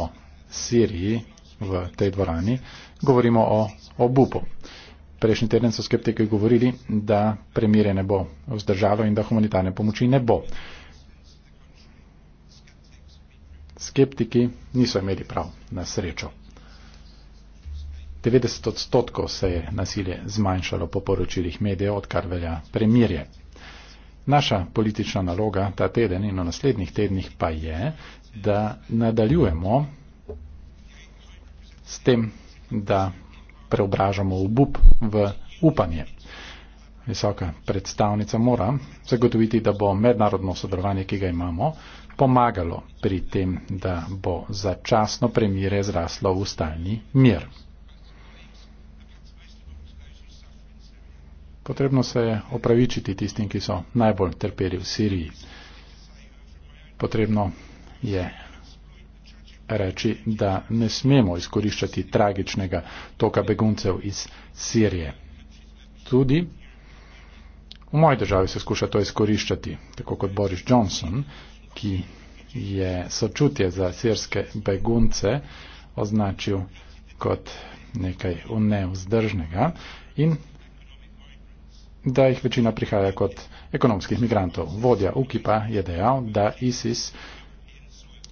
Siriji v tej dvorani, govorimo o obupu. Prejšnji teden so skeptiki govorili, da premirje ne bo vzdržalo in da humanitarne pomoči ne bo. Skeptiki niso imeli prav na srečo. 90 odstotkov se je nasilje zmanjšalo po poročilih medijev, odkar velja premirje. Naša politična naloga ta teden in v naslednjih tednih pa je, da nadaljujemo s tem, da preobražamo obup v upanje. Visoka predstavnica mora zagotoviti, da bo mednarodno sodelovanje, ki ga imamo, pomagalo pri tem, da bo začasno premire zraslo v stalni mir. Potrebno se je opravičiti tistim, ki so najbolj trpeli v Siriji. Potrebno je reči, da ne smemo izkoriščati tragičnega toka beguncev iz Sirije. Tudi v moji državi se skuša to izkoriščati, tako kot Boris Johnson, ki je sočutje za sirske begunce označil kot nekaj unevzdržnega in da jih večina prihaja kot ekonomskih migrantov. Vodja UKIP-a je dejal, da ISIS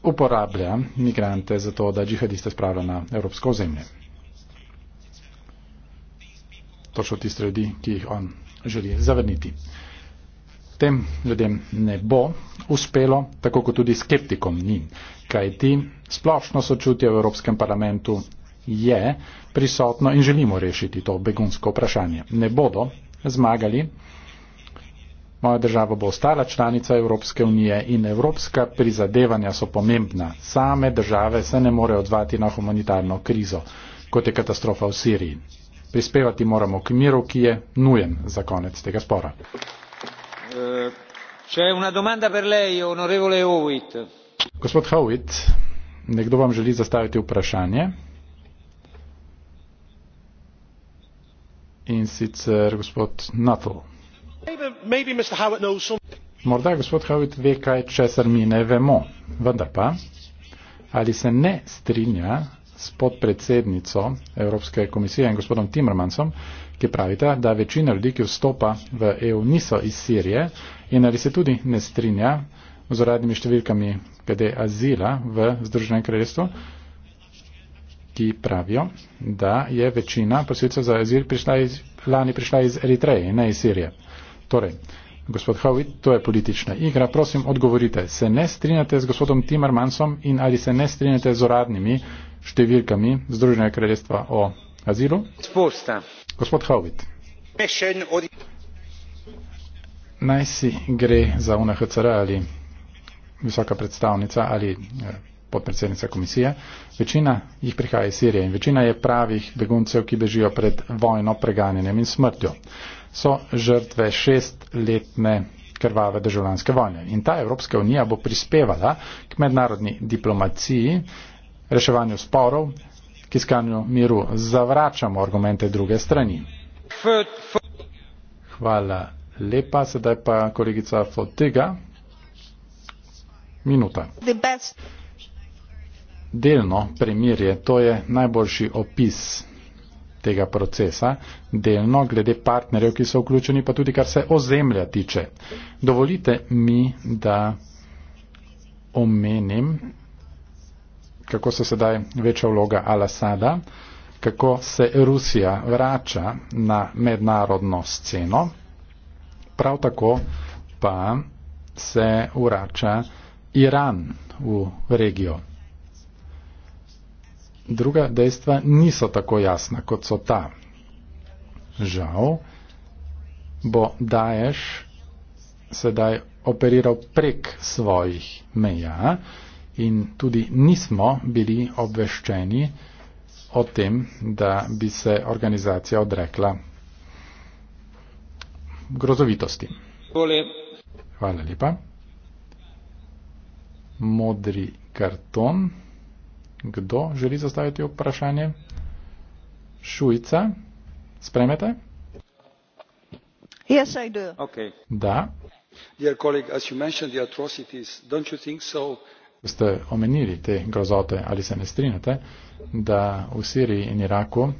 uporablja migrante za to, da džihadiste spravlja na evropsko zemlje. Točno tiste ljudi, ki jih on želi zavrniti. Tem ljudem ne bo uspelo, tako kot tudi skeptikom ni, kaj ti splošno sočutje v Evropskem parlamentu je prisotno in želimo rešiti to begunsko vprašanje. Ne bodo zmagali. Moja država bo ostala članica Evropske unije in evropska prizadevanja so pomembna. Same države se ne morejo odzvati na humanitarno krizo, kot je katastrofa v Siriji. Prispevati moramo k miru, ki je nujen za konec tega spora. Eh, Gospod Howitt, nekdo vam želi zastaviti vprašanje. in sicer gospod Nuttall. Morda gospod Howitt ve kaj, česar mi ne vemo, vendar pa, ali se ne strinja s podpredsednico Evropske komisije in gospodom Timmermansom, ki pravita, da večina ljudi, ki vstopa v EU, niso iz Sirije in ali se tudi ne strinja z uradnimi številkami glede azila v Združenem kraljestvu, ki pravijo, da je večina prosilcev za azil prišla iz, lani prišla iz Eritreje, ne iz Sirije. Torej, gospod Howitt, to je politična igra, prosim odgovorite, se ne strinjate z gospodom Timmermansom in ali se ne strinjate z uradnimi številkami Združenega kraljestva o azilu? Sposta. Gospod Howitt. Naj si gre za UNHCR ali visoka predstavnica ali eh, podpredsednica komisije, večina jih prihaja iz Sirije in večina je pravih beguncev, ki bežijo pred vojno, preganjenjem in smrtjo. So žrtve šestletne krvave državljanske vojne. In ta Evropska unija bo prispevala k mednarodni diplomaciji, reševanju sporov, k iskanju miru. Zavračamo argumente druge strani. Hvala lepa. Sedaj pa kolegica Fotiga. Minuta. Delno premirje, to je najboljši opis tega procesa, delno glede partnerjev, ki so vključeni, pa tudi kar se ozemlja tiče. Dovolite mi, da omenim, kako se sedaj veča vloga Al-Asada, kako se Rusija vrača na mednarodno sceno, prav tako pa se vrača Iran v regijo. Druga dejstva niso tako jasna, kot so ta. Žal bo Daješ sedaj operiral prek svojih meja in tudi nismo bili obveščeni o tem, da bi se organizacija odrekla grozovitosti. Hvala lepa. Modri karton. Kdo želi zastaviti vprašanje? Šujca, spremete? Yes, I do. Okay. Da. Dear colleague, as you mentioned the atrocities, don't you think so? ste omenili te grozote ali se ne strinjate, da v Siriji in Iraku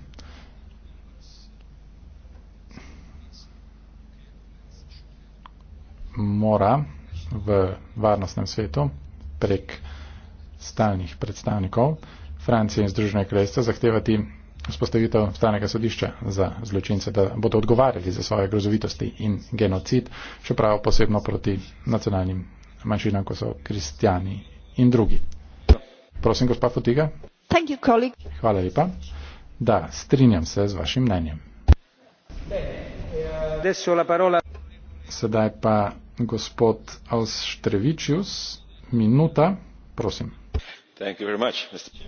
mora v varnostnem svetu prek stalnih predstavnikov Francije in Združene kraljestva zahtevati vzpostavitev stalnega sodišča za zločince, da bodo odgovarjali za svoje grozovitosti in genocid, čeprav posebno proti nacionalnim manjšinam, kot so kristijani in drugi. Prosim, gospod Fotiga. Hvala lepa. Da, strinjam se z vašim mnenjem. Sedaj pa gospod Alstrevičius, minuta, prosim.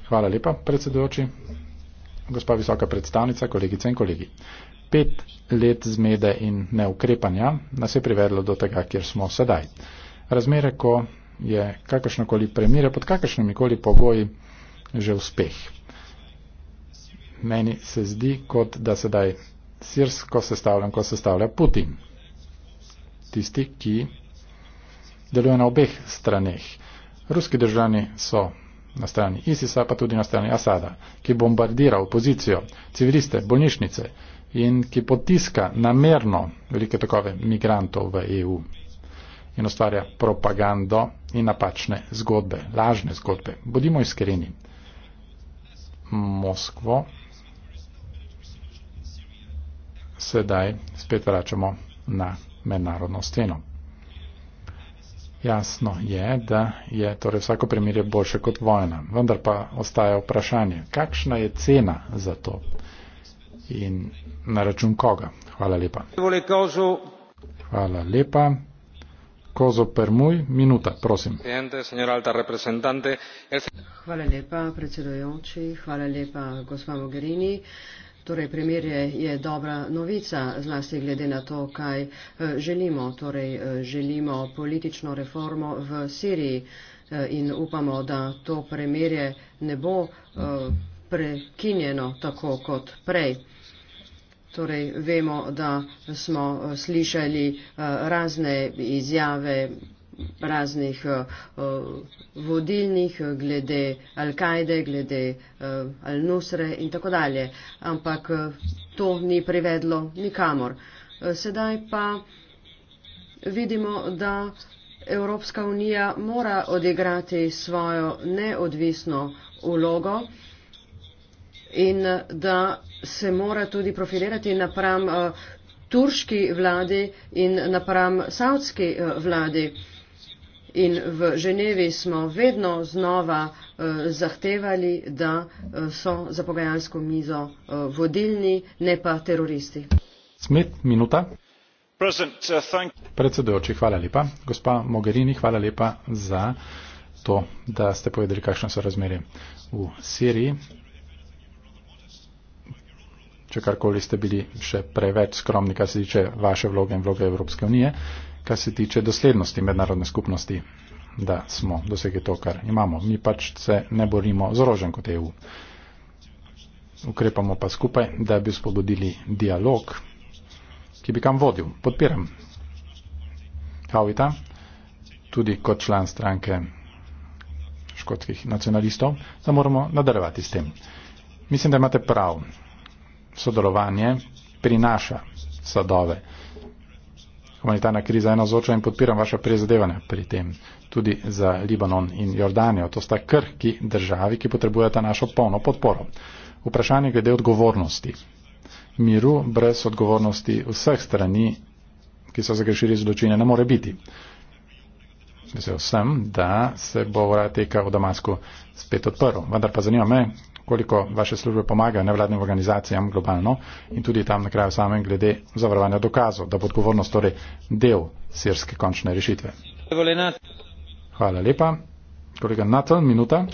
Hvala lepa, predsedujoči. Gospa visoka predstavnica, kolegice in kolegi. Pet let zmede in neukrepanja nas je privedlo do tega, kjer smo sedaj. Razmere, ko je kakršnokoli premire pod kakršnimi koli pogoji že uspeh. Meni se zdi, kot da sedaj sirsko sestavljam, ko sestavlja Putin. Tisti, ki deluje na obeh straneh. Ruski državljani so na strani ISIS-a, pa tudi na strani Asada, ki bombardira opozicijo, civiliste, bolnišnice in ki potiska namerno velike tokove migrantov v EU in ustvarja propagando in napačne zgodbe, lažne zgodbe. Bodimo iskreni. Moskvo. Sedaj spet vračamo na mednarodno sceno. Jasno je, da je torej vsako primerje boljše kot vojna. Vendar pa ostaja vprašanje, kakšna je cena za to in na račun koga. Hvala lepa. Hvala lepa. Kozo Permuj, minuta, prosim. Hvala lepa, predsedujoči, hvala lepa, gospa Mogherini. Torej, primer je, je dobra novica, zlasti glede na to, kaj eh, želimo. Torej, eh, želimo politično reformo v Siriji eh, in upamo, da to premirje ne bo prekinjeno tako kot prej. Torej, vemo, da smo slišali razne izjave raznih uh, vodilnih, eh, glede Al-Kajde, glede uh, Al-Nusre in tako dalje. Ampak uh, to ni privedlo nikamor. Uh, sedaj pa vidimo, da Evropska unija mora odigrati svojo neodvisno ulogo in da se mora tudi profilirati napram uh, turški vladi in napram saudski uh, vladi. In v Ženevi smo vedno znova uh, zahtevali, da uh, so za pogajalsko mizo uh, vodilni, ne pa teroristi. Smet, minuta. Uh, Predsedujoči, hvala lepa. Gospa Mogherini, hvala lepa za to, da ste povedali, kakšne so razmere v Siriji. Če karkoli ste bili še preveč skromni, kar se tiče vaše vloge in vloge Evropske unije. Uh, kar se tiče doslednosti mednarodne skupnosti, da smo dosegli to, kar imamo. Mi pač se ne borimo z orožjem kot EU. Ukrepamo pa skupaj, da bi spodbudili dialog, ki bi kam vodil. Podpiram Havita, tudi kot član stranke škotskih nacionalistov, da moramo nadaljevati s tem. Mislim, da imate prav. Sodelovanje prinaša sadove. Humanitarna kriza je ena zoča in podpiram vaše prizadevanja pri tem. Tudi za Libanon in Jordanijo. To sta krhki državi, ki potrebujete našo polno podporo. Vprašanje glede odgovornosti. Miru brez odgovornosti vseh strani, ki so zagrešili zločine, ne more biti. Vesel sem, da se bo vrateka v Damasku spet odprl. Vendar pa zanima me, koliko vaše službe pomagajo nevladnim organizacijam globalno in tudi tam na kraju samem glede zavarovanja dokazov, da bo odgovornost torej del sirske končne rešitve. Hvala lepa. Kolega Natal, minuta.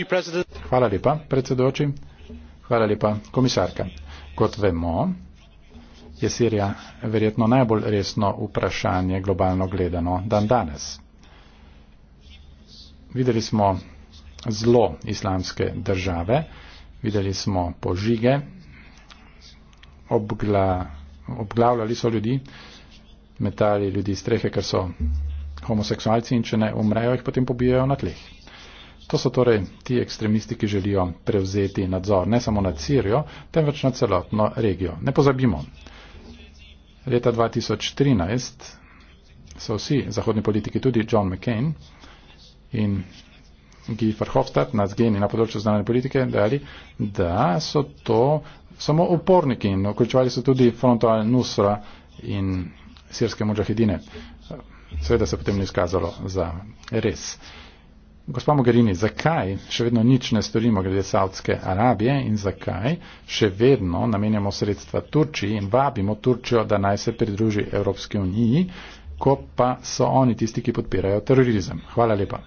Hvala lepa, predsedoči. Hvala lepa, komisarka. Kot vemo, je Sirija verjetno najbolj resno vprašanje globalno gledano dan danes. Videli smo zlo islamske države videli smo požige, obgla, obglavljali so ljudi, metali ljudi iz strehe, ker so homoseksualci in če ne umrejo, jih potem pobijajo na tleh. To so torej ti ekstremisti, ki želijo prevzeti nadzor ne samo nad Sirijo, temveč nad celotno regijo. Ne pozabimo, leta 2013 so vsi zahodni politiki, tudi John McCain in ki jih Verhofstadt na zgeni na področju znanja politike dali, da so to samo uporniki in vključevali so tudi frontal Nusra in sirske mujahidine. Seveda se potem ni izkazalo za res. Gospa Mogherini, zakaj še vedno nič ne storimo glede Saudske Arabije in zakaj še vedno namenjamo sredstva Turčiji in vabimo Turčijo, da naj se pridruži Evropski uniji, ko pa so oni tisti, ki podpirajo terorizem? Hvala lepa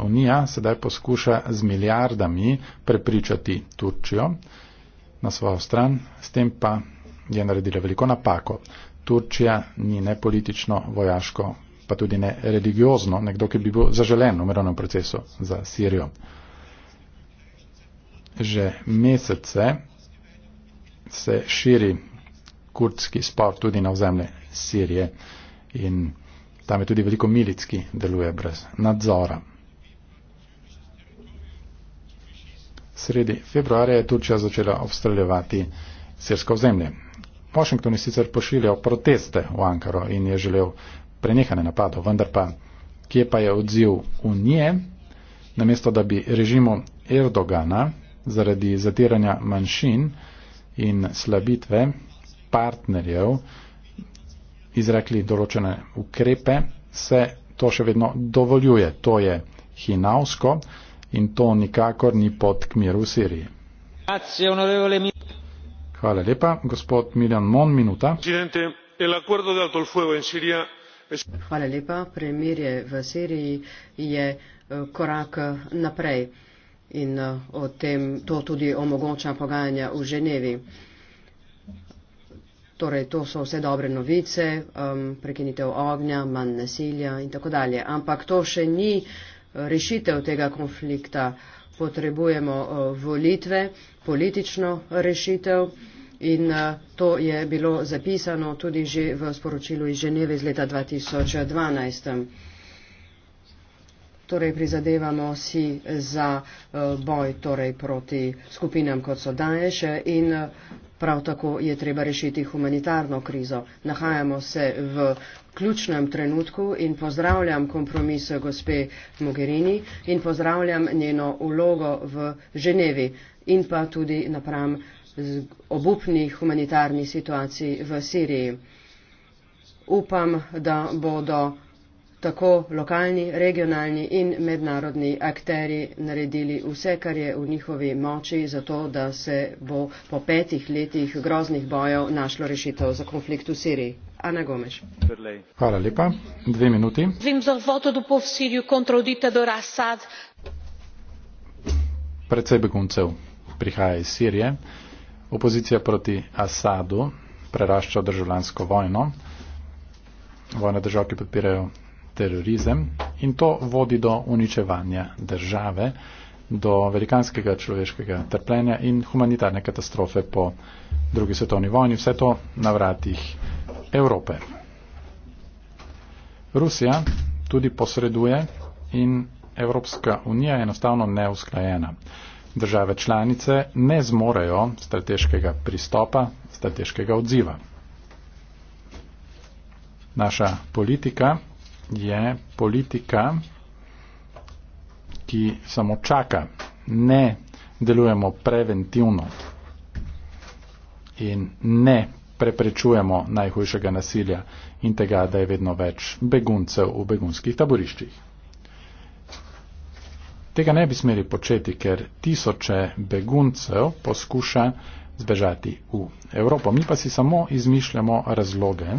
unija sedaj poskuša z milijardami prepričati turčijo na svojo stran s tem pa je naredila veliko napako turčija ni ne politično vojaško pa tudi ne religiozno nekdo ki bi bil zaželen v mirovnem procesu za sirijo že mesece se širi kurdski spor tudi na ozemlje Sirije in tam je tudi veliko milic, ki deluje brez nadzora. Sredi februarja je Turčija začela obstreljevati sirsko ozemlje. Washington je sicer pošiljal proteste v Ankaro in je želel prenehane napadov, vendar pa kje pa je odziv Unije, namesto da bi režimu Erdogana zaradi zatiranja manjšin in slabitve partnerjev izrekli določene ukrepe, se to še vedno dovoljuje. To je hinavsko in to nikakor ni pot k miru v Siriji. Hvala lepa, gospod Miljan Mon, minuta. Hvala lepa, premirje v Siriji je eh, korak eh, naprej in eh, o tem to tudi omogoča pogajanja v Ženevi. Torej, to so vse dobre novice, um, prekinitev ognja, manj nasilja in tako dalje. Ampak to še ni uh, rešitev tega konflikta. Potrebujemo uh, volitve, politično rešitev in uh, to je bilo zapisano tudi že v sporočilu iz Ženeve iz leta 2012. Torej, prizadevamo si za uh, boj torej, proti skupinam, kot so Daesh in uh, Prav tako je treba rešiti humanitarno krizo. Nahajamo se v ključnem trenutku in pozdravljam kompromise gospe Mogherini in pozdravljam njeno ulogo v Ženevi in pa tudi napram obupni humanitarni situaciji v Siriji. Upam, da bodo tako lokalni, regionalni in mednarodni akteri naredili vse, kar je v njihovi moči, zato da se bo po petih letih groznih bojev našlo rešitev za konflikt v Siriji. Ana Gomes. Hvala lepa. Dve minuti. Predvsej beguncev prihaja iz Sirije. Opozicija proti Asadu prerašča državljansko vojno. Vojne države, ki podpirajo terorizem in to vodi do uničevanja države, do velikanskega človeškega trpljenja in humanitarne katastrofe po drugi svetovni vojni. Vse to na vratih Evrope. Rusija tudi posreduje in Evropska unija je enostavno neusklajena. Države članice ne zmorejo strateškega pristopa, strateškega odziva. Naša politika je politika, ki samo čaka. Ne delujemo preventivno in ne preprečujemo najhujšega nasilja in tega, da je vedno več beguncev v begunskih taboriščih. Tega ne bi smeli početi, ker tisoče beguncev poskuša zbežati v Evropo. Mi pa si samo izmišljamo razloge,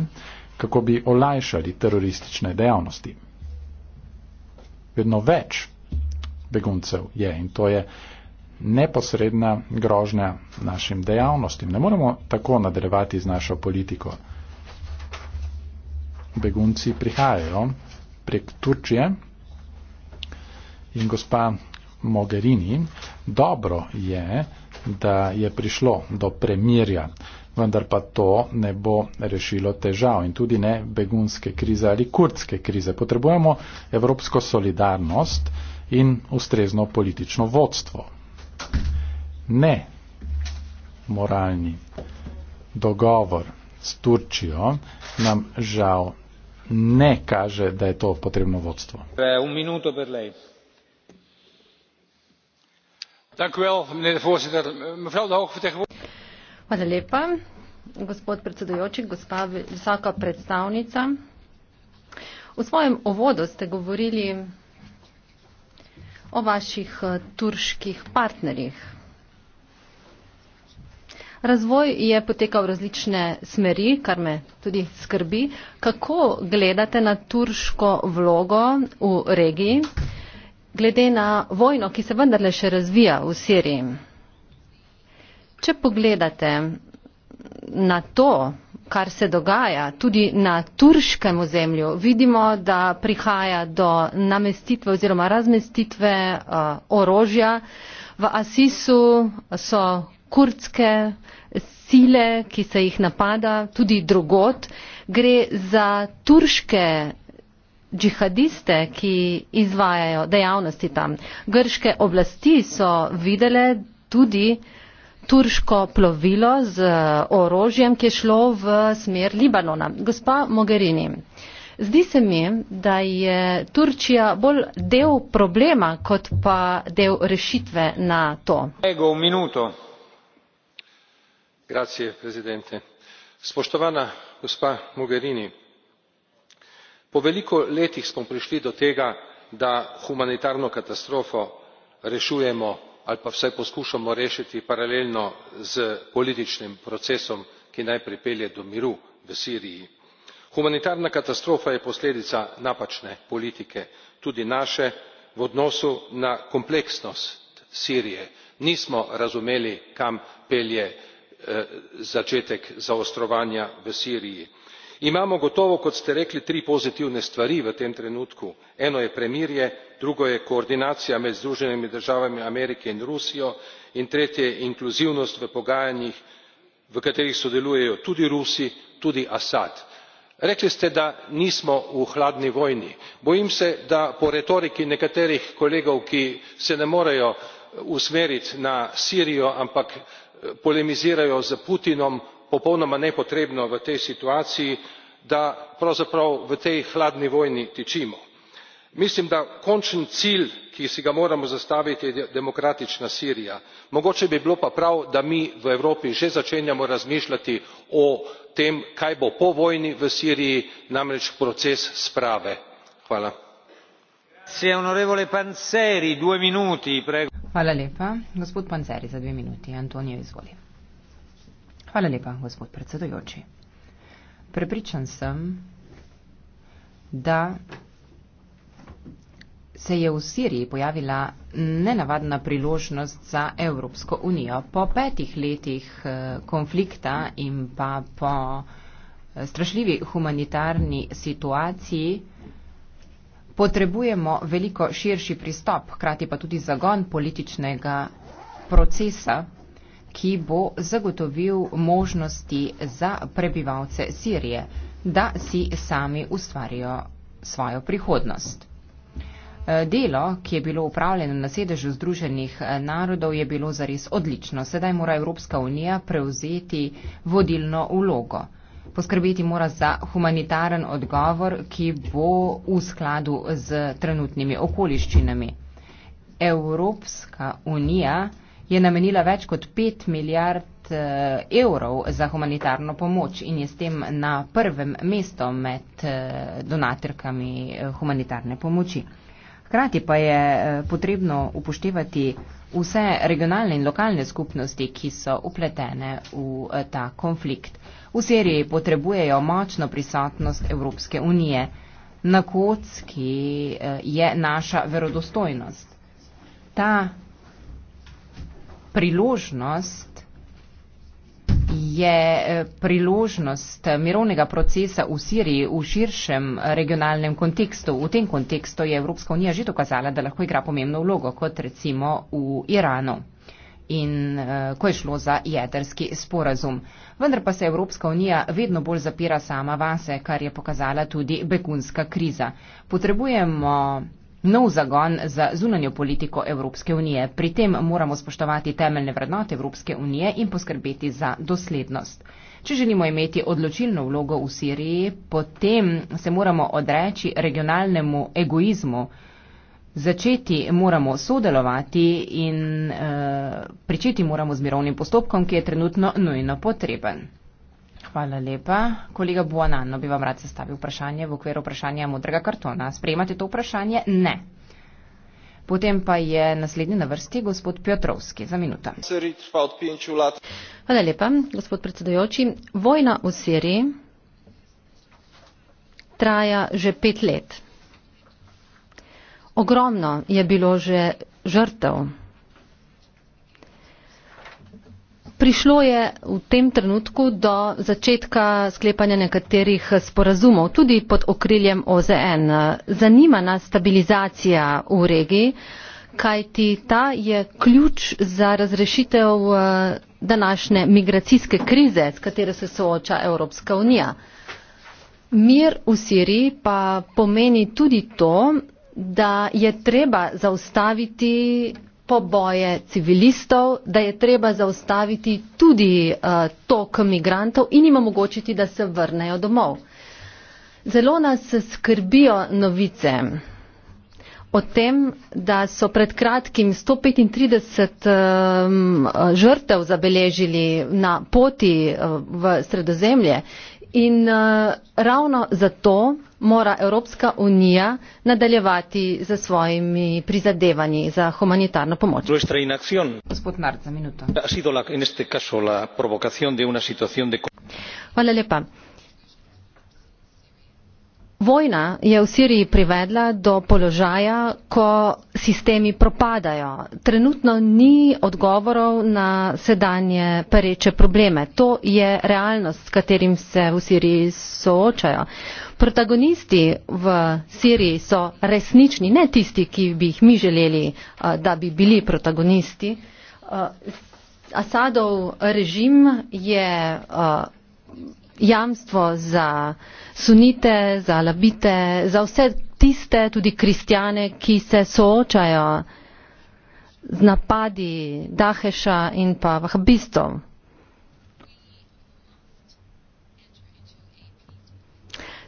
kako bi olajšali teroristične dejavnosti. Vedno več beguncev je in to je neposredna grožnja našim dejavnostim. Ne moremo tako nadaljevati z našo politiko. Begunci prihajajo prek Turčije in gospa Mogherini, dobro je, da je prišlo do premirja vendar pa to ne bo rešilo težav in tudi ne begunske krize ali kurdske krize. Potrebujemo evropsko solidarnost in ustrezno politično vodstvo. Ne moralni dogovor s Turčijo nam žal ne kaže, da je to potrebno vodstvo. Dank u wel, meneer de voorzitter. Mevrouw de hoge vertegenwoordiger. Hvala lepa, gospod predsedujoči, gospa visoka predstavnica. V svojem ovodu ste govorili o vaših eh, turških partnerjih. Razvoj je potekal v različne smeri, kar me tudi skrbi. Kako gledate na turško vlogo v regiji, glede na vojno, ki se vendarle še razvija v Siriji? Če pogledate na to, kar se dogaja tudi na turškem ozemlju, vidimo, da prihaja do namestitve oziroma razmestitve uh, orožja. V Asisu so kurdske sile, ki se jih napada, tudi drugot. Gre za turške džihadiste, ki izvajajo dejavnosti tam. Grške oblasti so videle tudi, turško plovilo z eh, orožjem, ki je šlo v smer Libanona. Gospa Mogherini, zdi se mi, da je Turčija bolj del problema, kot pa del rešitve na to. Ego, minuto. Grazie, predsedente. Spoštovana gospa Mogherini, po veliko letih smo prišli do tega, da humanitarno katastrofo rešujemo ali pa vsaj poskušamo rešiti paralelno s političnim procesom ki naj pripelje do miru v siriji. humanitarna katastrofa je posledica napačne politike tudi naše v odnosu na kompleksnost sirije nismo razumeli kam pelje eh, začetek zaostrovanja v siriji imamo gotovo kot ste rekli tri pozitivne stvari v tem trenutku eno je premirje drugo je koordinacija med združenimi državami amerike in rusijo in tretje inkluzivnost v pogajanjih v katerih sodelujejo tudi rusi tudi asad. rekli ste da nismo v hladni vojni. bojim se da po retoriki nekaterih kolegov ki se ne morejo usmeriti na sirijo ampak polemizirajo s putinom popolnoma nepotrebno v tej situaciji da pravzaprav v tej hladni vojni tičimo. mislim da končen cilj ki si ga moramo zastaviti je demokratična sirija mogoče bi bilo pa prav da mi v evropi že začenjamo razmišljati o tem kaj bo po vojni v siriji namreč proces sprave. Hvala lepa, gospod predsedojoči. Prepričan sem, da se je v Siriji pojavila nenavadna priložnost za Evropsko unijo. Po petih letih eh, konflikta in pa po eh, strašljivi humanitarni situaciji potrebujemo veliko širši pristop, hkrati pa tudi zagon političnega procesa ki bo zagotovil možnosti za prebivalce Sirije, da si sami ustvarijo svojo prihodnost. Eh, delo, ki je bilo upravljeno na sedežu Združenih eh, narodov, je bilo zares odlično. Sedaj mora Evropska unija prevzeti vodilno vlogo. Poskrbeti mora za humanitaren odgovor, ki bo v skladu z trenutnimi okoliščinami. Evropska unija je namenila več kot 5 milijard eh, evrov za humanitarno pomoč in je s tem na prvem mestu med eh, donatorkami eh, humanitarne pomoči. Hkrati pa je potrebno upoštevati vse regionalne in lokalne skupnosti, ki so upletene v ta konflikt. V Siriji potrebujejo močno prisotnost Evropske unije, na kocki je naša verodostojnost. Ta priložnost je eh, priložnost eh, mirovnega procesa v Siriji v širšem eh, regionalnem kontekstu. V tem kontekstu je Evropska unija že dokazala, da lahko igra pomembno vlogo, kot recimo v Iranu in ko je šlo za jedrski sporazum. Vendar pa se Evropska unija vedno bolj zapira sama vase, kar je pokazala tudi begunska kriza. Potrebujemo nov zagon za zunanjo politiko Evropske unije. Pri tem moramo spoštovati temeljne vrednote Evropske unije in poskrbeti za doslednost. Če želimo imeti odločilno vlogo v Siriji, potem se moramo odreči regionalnemu egoizmu. Začeti moramo sodelovati in uh, pričeti moramo z mirovnim postopkom, ki je trenutno nujno potreben. Hvala lepa. Kolega Buonanno, bi vam rad zastavil vprašanje v okviru vprašanja modrega kartona. Sprejemate to vprašanje? Ne. Potem pa je naslednji na vrsti gospod Piotrovski za minuto. Hvala lepa, gospod predsedujoči. Vojna v Siriji traja že pet let. Ogromno je bilo že žrtev. prišlo je v tem trenutku do začetka sklepanja nekaterih sporazumov, tudi pod okriljem OZN. Zanima nas stabilizacija v regiji, kajti ta je ključ za razrešitev eh, današnje migracijske krize, s katero se sooča Evropska unija. Mir v Siriji pa pomeni tudi to, da je treba zaustaviti poboje civilistov, da je treba zaustaviti tudi uh, tok migrantov in jim omogočiti, da se vrnejo domov. Zelo nas skrbijo novice o tem, da so pred kratkim 135 um, eh, žrtev zabeležili na poti uh, v sredozemlje in uh, ravno zato mora Evropska unija nadaljevati z svojimi prizadevanji za humanitarno pomoč. Hvala lepa. Vojna je v Siriji privedla do položaja, ko sistemi propadajo. Trenutno ni odgovorov na sedanje pereče probleme. To je realnost, s katerim se v Siriji soočajo. Protagonisti v seriji so resnični, ne tisti, ki bi jih mi želeli, eh, da bi bili protagonisti. Eh, Asadov režim je eh, jamstvo za sunite, za labite, za vse tiste, tudi kristjane, ki se soočajo z napadi Daheša in pa vahabistov.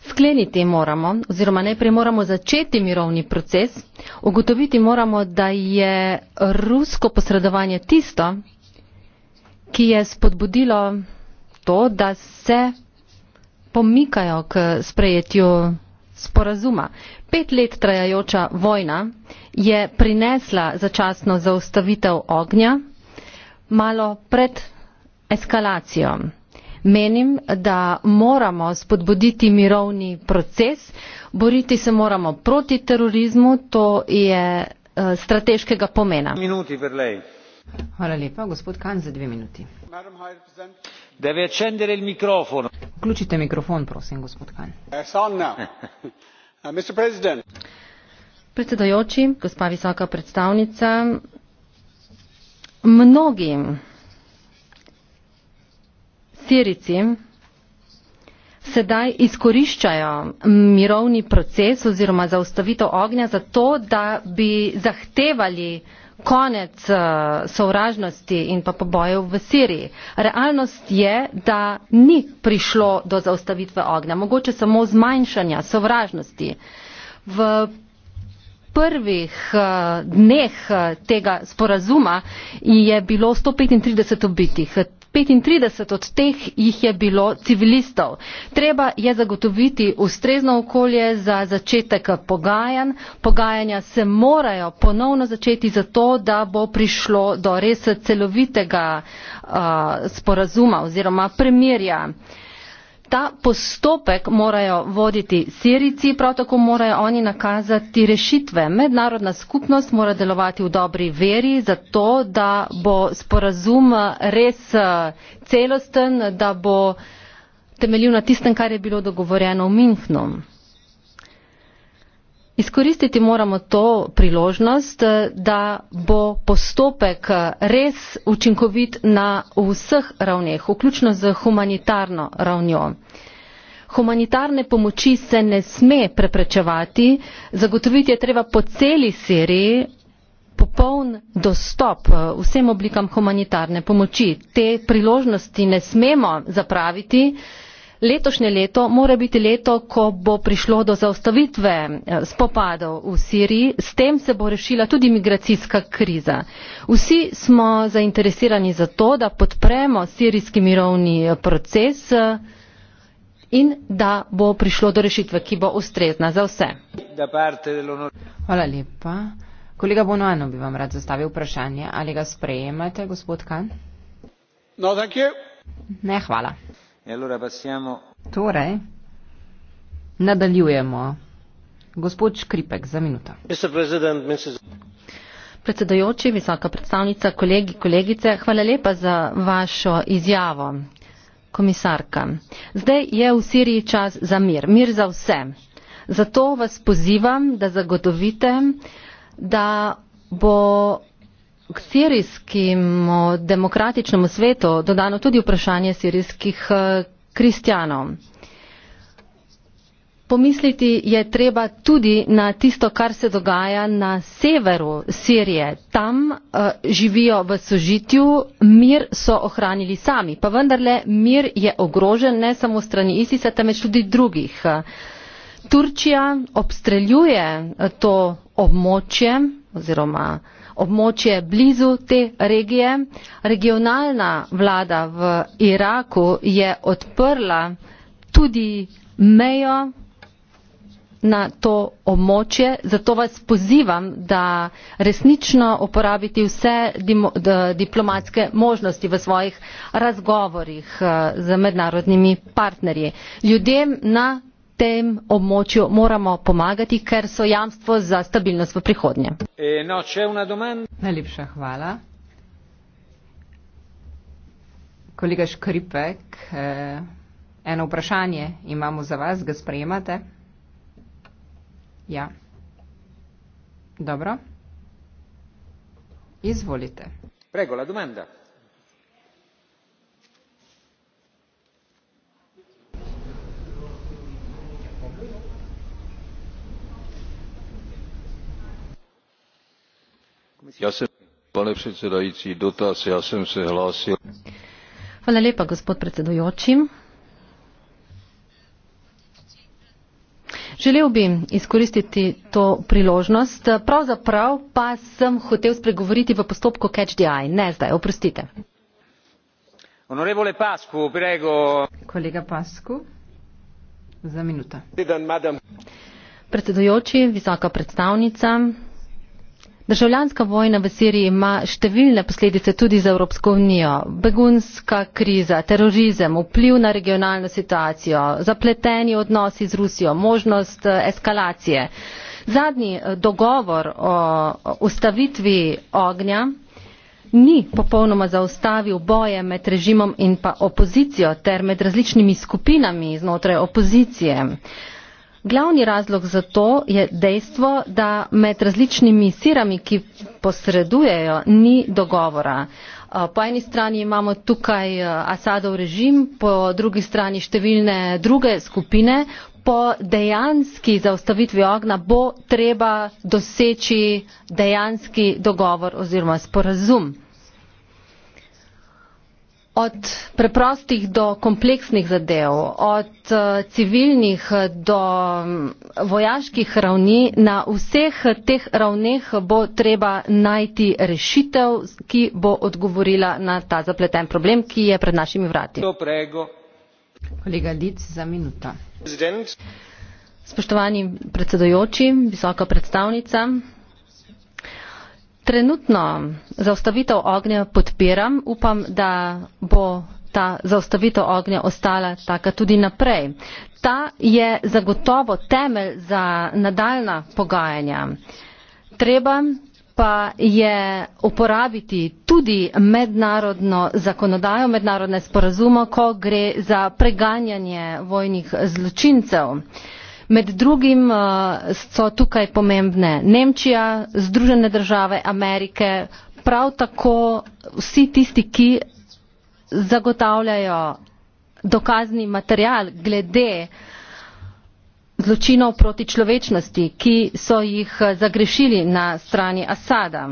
Skleniti moramo, oziroma najprej moramo začeti mirovni proces, ugotoviti moramo, da je rusko posredovanje tisto, ki je spodbudilo to, da se pomikajo k sprejetju sporazuma. Pet let trajajoča vojna je prinesla začasno zaustavitev ognja malo pred eskalacijo. Menim, da moramo spodbuditi mirovni proces, boriti se moramo proti terorizmu, to je eh, strateškega pomena. Hvala lepa, gospod Kan, za dve minuti. Vključite mikrofon, prosim, gospod Kan. Eh, eh, Predsedujoči, gospa visoka predstavnica, mnogim Sirici sedaj izkoriščajo mirovni proces oziroma zaustavitev ognja za to, da bi zahtevali konec eh, sovražnosti in pa pobojev v Siriji. Realnost je, da ni prišlo do zaustavitve ognja, mogoče samo zmanjšanja sovražnosti. V prvih eh, dneh eh, tega sporazuma je bilo 135 obitih petintrideset od teh jih je bilo civilistov. Treba je zagotoviti ustrezno okolje za začetek pogajanj. Pogajanja se morajo ponovno začeti zato, da bo prišlo do res celovitega uh, sporazuma oziroma premirja. Uh, ta postopek morajo voditi sirici prav tako morajo oni nakazati rešitve mednarodna skupnost mora delovati v dobri veri zato da bo sporazum res eh, celosten da bo temeljil na tistem kar je bilo dogovorjeno v münchnu. Izkoristiti moramo to priložnost, eh, da bo postopek eh, res učinkovit na vseh ravneh, vključno z humanitarno ravnjo. Humanitarne pomoči se ne sme preprečevati, zagotoviti je treba po celi Siriji popoln dostop eh, vsem oblikam humanitarne pomoči. Te priložnosti ne smemo zapraviti. Letošnje leto mora biti leto, ko bo prišlo do zaustavitve eh, spopadov v Siriji, s tem se bo rešila tudi migracijska kriza. Vsi smo zainteresirani za to, da podpremo sirijski mirovni eh, proces eh, in da bo prišlo do rešitve, ki bo ustrezna za vse. Hvala lepa. Kolega Bonoano bi vam rad zastavil vprašanje, ali ga sprejemate, gospod Kan? No, ne, hvala. E torej, nadaljujemo. Gospod Škripek, za minuto. Predsedujoči, visoka predstavnica, kolegi, kolegice, hvala lepa za vašo izjavo, komisarka. Zdaj je v Siriji čas za mir, mir za vse. Zato vas pozivam, da zagotovite, da bo k sirijskemu demokratičnemu svetu dodano tudi vprašanje sirijskih eh, kristjanov. Pomisliti je treba tudi na tisto, kar se dogaja na severu Sirije. Tam uh, živijo v sožitju, mir so ohranili sami, pa vendarle mir je ogrožen ne samo strani ISIS-a, temveč tudi drugih. Turčija obstreljuje eh, to območje oziroma območje blizu te regije. Regionalna vlada v Iraku je odprla tudi mejo na to območje. Zato vas pozivam, da resnično uporabite vse diplomatske možnosti v svojih razgovorih eh, z mednarodnimi partnerji. Ljudem na tem območju moramo pomagati, ker so jamstvo za stabilnost v prihodnje. E, no, Najlepša hvala. Kolega Škripek, e, eno vprašanje imamo za vas, ga sprejemate? Ja. Dobro. Izvolite. Prego, la domanda. pane predsedajoči dotaz jaz sem se hlasil hvala lepa gospod predsedujoči Želel bi izkoristiti to priložnost, pravzaprav pa sem hotel spregovoriti v postopku Catch the Eye, ne zdaj, oprostite. Pascu, prego. Kolega Pasku, za minuto. Predsedujoči, visoka predstavnica, Državljanska vojna v Siriji ima številne posledice tudi za Evropsko unijo. Begunska kriza, terorizem, vpliv na regionalno situacijo, zapleteni odnosi z Rusijo, možnost eh, eskalacije. Zadnji eh, dogovor o ustavitvi ognja ni popolnoma zaustavil boje med režimom in pa opozicijo ter med različnimi skupinami znotraj opozicije. Glavni razlog za to je dejstvo, da med različnimi sirami, ki posredujejo, ni dogovora. Uh, po eni strani imamo tukaj uh, Asadov režim, po drugi strani številne druge skupine. Po dejanski zaustavitvi ogna bo treba doseči dejanski dogovor oziroma sporazum od preprostih do kompleksnih zadev, od eh, civilnih eh, do mm, vojaških ravni, na vseh teh ravneh bo treba najti rešitev, ki bo odgovorila na ta zapleten problem, ki je pred našimi vrati. Kolega Lic za minuto. Spoštovani predsedojoči, visoka predstavnica, Trenutno zaustavitev ognja podpiram, upam, da bo ta zaustavitev ognja ostala taka tudi naprej. Ta je zagotovo temelj za nadaljna pogajanja. Treba pa je uporabiti tudi mednarodno zakonodajo, mednarodne sporazume, ko gre za preganjanje vojnih zločincev. Uh, Med drugim eh, so tukaj pomembne Nemčija, Združene države Amerike, prav tako vsi tisti, ki zagotavljajo dokazni material glede zločinov proti človečnosti, ki so jih eh, zagrešili na strani Asada.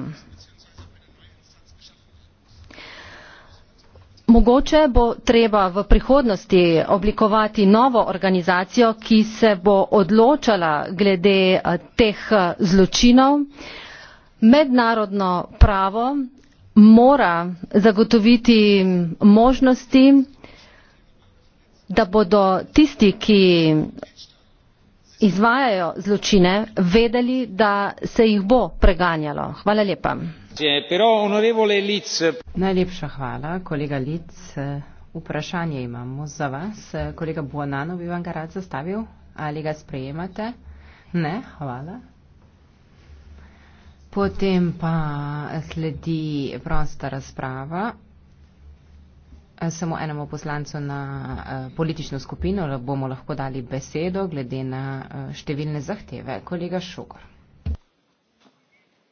mogoče bo treba v prihodnosti oblikovati novo organizacijo ki se bo odločala glede eh, teh eh, zločinov mednarodno pravo mora zagotoviti možnosti da bodo tisti ki izvajajo zločine vedeli da se jih bo preganjalo hvala lepa Eh, Najlepša hvala, kolega Lic. Eh, vprašanje imamo za vas. Eh, kolega Buonano bi vam ga rad zastavil. Ali ga sprejemate? Ne, hvala. Potem pa sledi prosta razprava. Samo enemu poslancu na politično skupino bomo lahko dali besedo glede na številne zahteve. Kolega Šukor.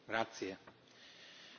Grazie.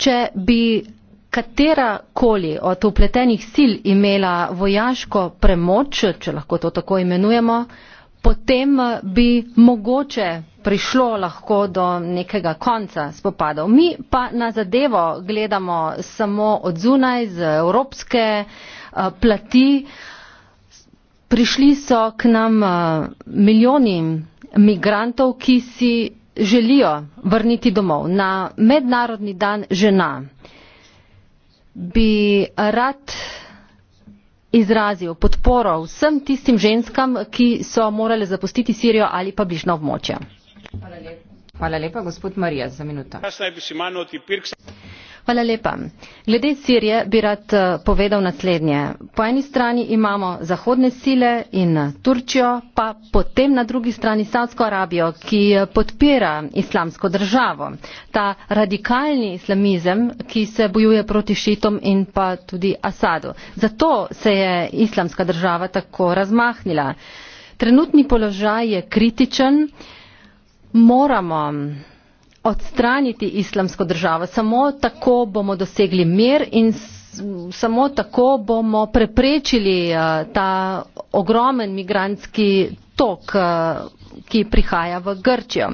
če bi katera koli od upletenih sil imela vojaško premoč, če lahko to tako imenujemo, potem bi mogoče prišlo lahko do nekega konca spopadov. Mi pa na zadevo gledamo samo od zunaj, z evropske eh, plati. Prišli so k nam eh, milijoni migrantov, ki si želijo vrniti domov na mednarodni dan žena, bi rad izrazil podporo vsem tistim ženskam, ki so morale zapustiti Sirijo ali pa bližno območje. Hvala lepa, gospod Marija, za minuto. Hvala lepa. Glede Sirije bi rad eh, povedal naslednje. Po eni strani imamo zahodne sile in eh, Turčijo, pa potem na drugi strani Saudsko Arabijo, ki eh, podpira islamsko državo. Ta radikalni islamizem, ki se bojuje proti šitom in pa tudi Asadu. Zato se je islamska država tako razmahnila. Trenutni položaj je kritičen. Moramo odstraniti islamsko državo. Samo tako bomo dosegli mir in samo tako bomo preprečili eh, ta ogromen migranski tok, eh, ki prihaja v Grčijo.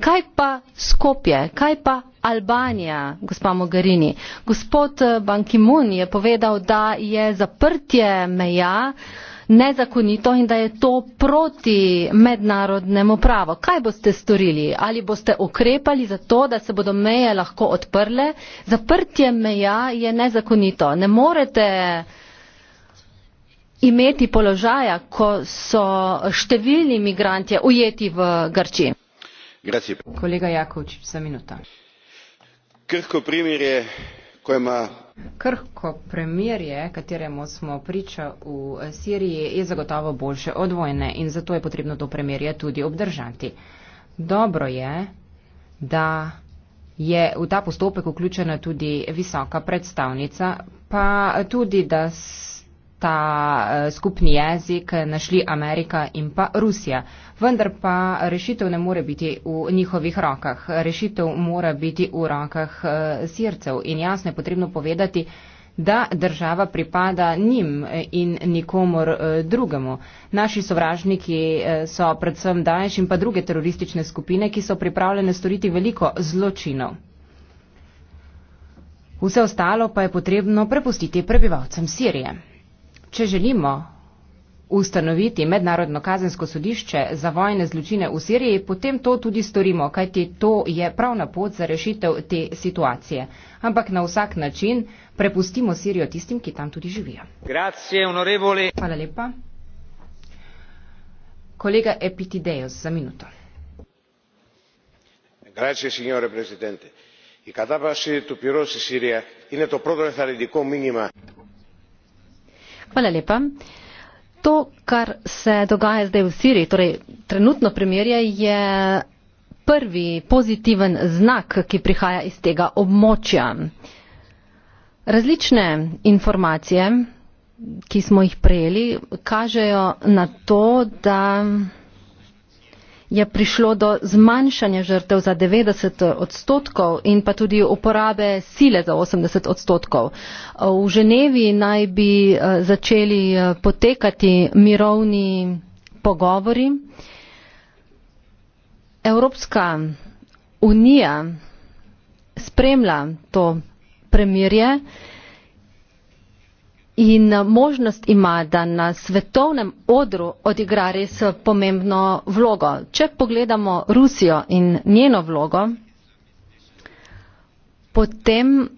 Kaj pa Skopje, kaj pa Albanija, gospa Mogherini? Gospod eh, Bankimun je povedal, da je zaprtje meja uh, nezakonito in da je to proti mednarodnemu pravu. Kaj boste storili? Ali boste ukrepali za to, da se bodo meje lahko odprle? Zaprtje meja je nezakonito. Ne morete imeti položaja, ko so številni migranti ujeti v Grči. Kolega Jakovč, za minuto. Krhko primer je, ko ima Krhko premirje, kateremu smo priča v Siriji, je zagotovo boljše od vojne in zato je potrebno to premirje tudi obdržati. Dobro je, da je v ta postopek vključena tudi visoka predstavnica, pa tudi, da se ta eh, skupni jezik našli Amerika in pa Rusija. Vendar pa rešitev ne more biti v njihovih rokah. Rešitev mora biti v rokah eh, sircev. In jasno je potrebno povedati, da država pripada njim eh, in nikomor drugemu. Naši sovražniki so predvsem Daesh in pa druge teroristične skupine, ki so pripravljene storiti veliko zločinov. Vse ostalo pa je potrebno prepustiti prebivalcem Sirije. Če želimo ustanoviti mednarodno kazensko sodišče za vojne zločine v Siriji, potem to tudi storimo, kajti to je pravna pot za rešitev te situacije. Ampak na vsak način prepustimo Sirijo tistim, ki tam tudi živijo. Grazie, Hvala lepa. Kolega Epitideus, za minuto. Grazie, signore presidente. I catapasi tu piro si Siria, in je to prodo nezaredniko minima. Hvala lepa. To, kar se dogaja zdaj v Siriji, torej trenutno primerje, je prvi pozitiven znak, ki prihaja iz tega območja. Različne informacije, ki smo jih prejeli, kažejo na to, da je prišlo do zmanjšanja žrtev za 90 odstotkov in pa tudi uporabe sile za 80 odstotkov. V Ženevi naj bi eh, začeli eh, potekati mirovni pogovori. Evropska unija spremlja to premirje in možnost ima, da na svetovnem odru odigra res pomembno vlogo. Če pogledamo Rusijo in njeno vlogo, potem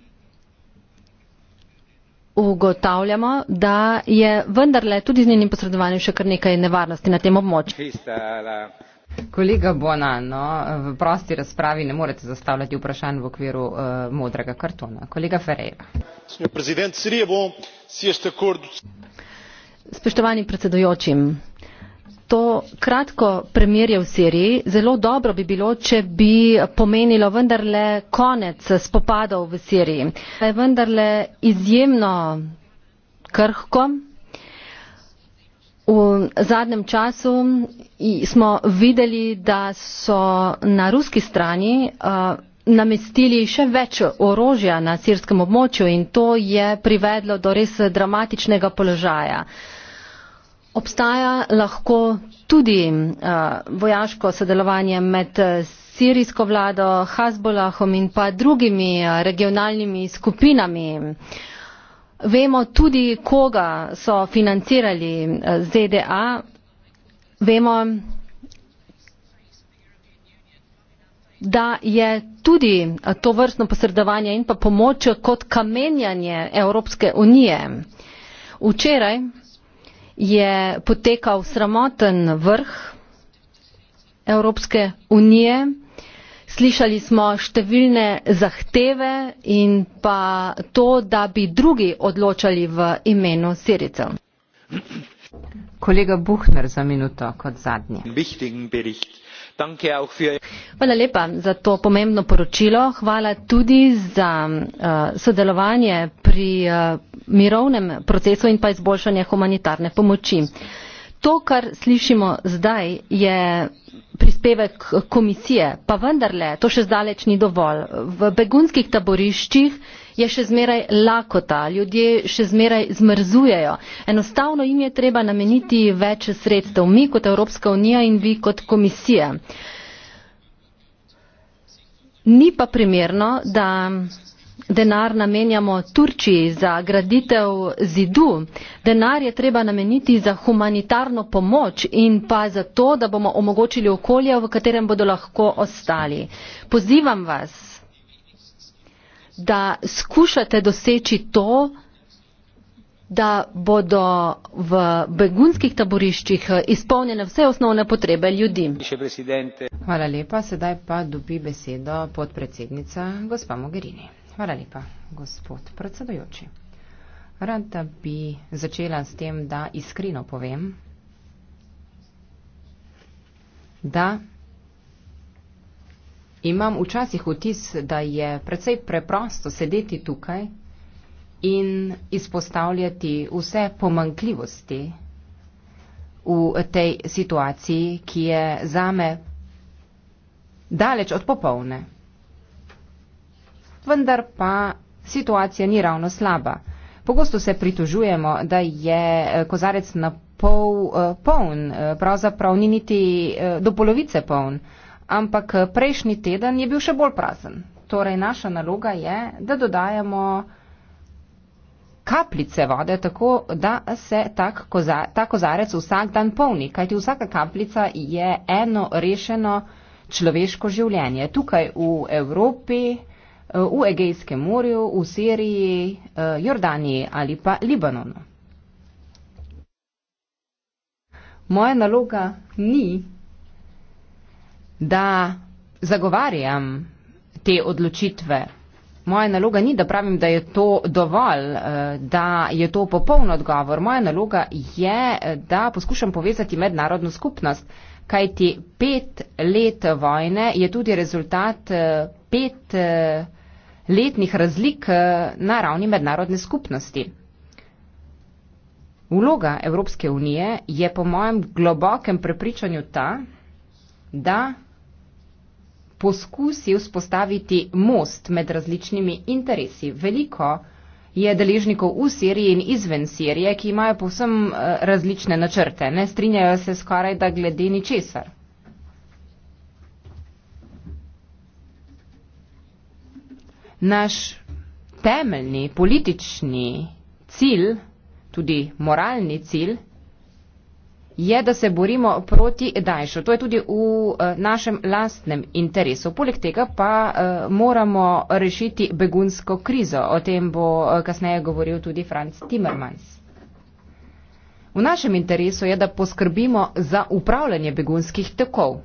ugotavljamo, da je vendarle tudi z njenim posredovanjem še kar nekaj nevarnosti na tem območju. Kolega Bona, no, v prosti razpravi ne morete zastavljati vprašanj v okviru uh, modrega kartona. Kolega Ferreira. Spoštovani predsedujoči, to kratko premirje v Siriji zelo dobro bi bilo, če bi pomenilo vendarle konec spopadov v Siriji. Je vendarle izjemno krhko, V zadnjem času smo videli, da so na ruski strani uh, namestili še več orožja na sirskem območju in to je privedlo do res dramatičnega položaja. Obstaja lahko tudi uh, vojaško sodelovanje med uh, sirijsko vlado, Hazbolahom in pa drugimi regionalnimi skupinami. Vemo tudi, koga so financirali eh, ZDA. Vemo, da je tudi eh, to vrstno posredovanje in pa pomoč kot kamenjanje Evropske unije. Včeraj je potekal sramoten vrh Evropske unije. Slišali smo številne zahteve in pa to, da bi drugi odločali v imenu Siricev. Kolega Buhner za minuto kot zadnji. Hvala lepa za to pomembno poročilo. Hvala tudi za eh, sodelovanje pri eh, mirovnem procesu in pa izboljšanje humanitarne pomoči. To, kar slišimo zdaj, je prispevek komisije, pa vendarle to še zdaleč ni dovolj. V begunskih taboriščih je še zmeraj lakota, ljudje še zmeraj zmrzujejo. Enostavno jim je treba nameniti več sredstev, mi kot Evropska unija in vi kot komisija. Ni pa primerno, da denar namenjamo Turčiji za graditev zidu, denar je treba nameniti za humanitarno pomoč in pa za to, da bomo omogočili okolje, v katerem bodo lahko ostali. Pozivam vas, da skušate doseči to, da bodo v begunskih taboriščih izpolnjene vse osnovne potrebe ljudi. Hvala lepa. Sedaj pa dobi besedo podpredsednica gospa Mogherini. Hvala lepa, gospod predsedujoči. Rada bi začela s tem, da iskreno povem, da imam včasih vtis, da je precej preprosto sedeti tukaj in izpostavljati vse pomankljivosti v tej situaciji, ki je zame daleč od popolne vendar pa situacija ni ravno slaba. Pogosto se pritožujemo, da je eh, kozarec na pol eh, poln, eh, pravzaprav ni niti do polovice poln, ampak prejšnji teden je bil še bolj prazen. Torej, naša naloga je, da dodajamo kapljice vode, tako da se tak koza, ta kozarec vsak dan polni, kajti vsaka kapljica je eno rešeno človeško življenje. Tukaj v Evropi v Egejskem morju, v Siriji, eh, Jordaniji ali pa Libanonu. Moja naloga ni, da zagovarjam te odločitve. Moja naloga ni, da pravim, da je to dovolj, eh, da je to popoln odgovor. Moja naloga je, eh, da poskušam povezati mednarodno skupnost, kajti pet let vojne je tudi rezultat pet letnih razlik eh, na ravni mednarodne skupnosti. Vloga Evropske unije je po mojem globokem prepričanju ta, da poskusi vzpostaviti most med različnimi interesi. Veliko je deležnikov v Siriji in izven Sirije, ki imajo povsem eh, različne načrte, ne strinjajo se skoraj da glede ničesar. naš temeljni politični cilj, tudi moralni cilj, je, da se borimo proti Daješu. To je tudi v eh, našem lastnem interesu. Poleg tega pa eh, moramo rešiti begunsko krizo. O tem bo eh, kasneje govoril tudi Franz Timmermans. V našem interesu je, da poskrbimo za upravljanje begunskih tekov.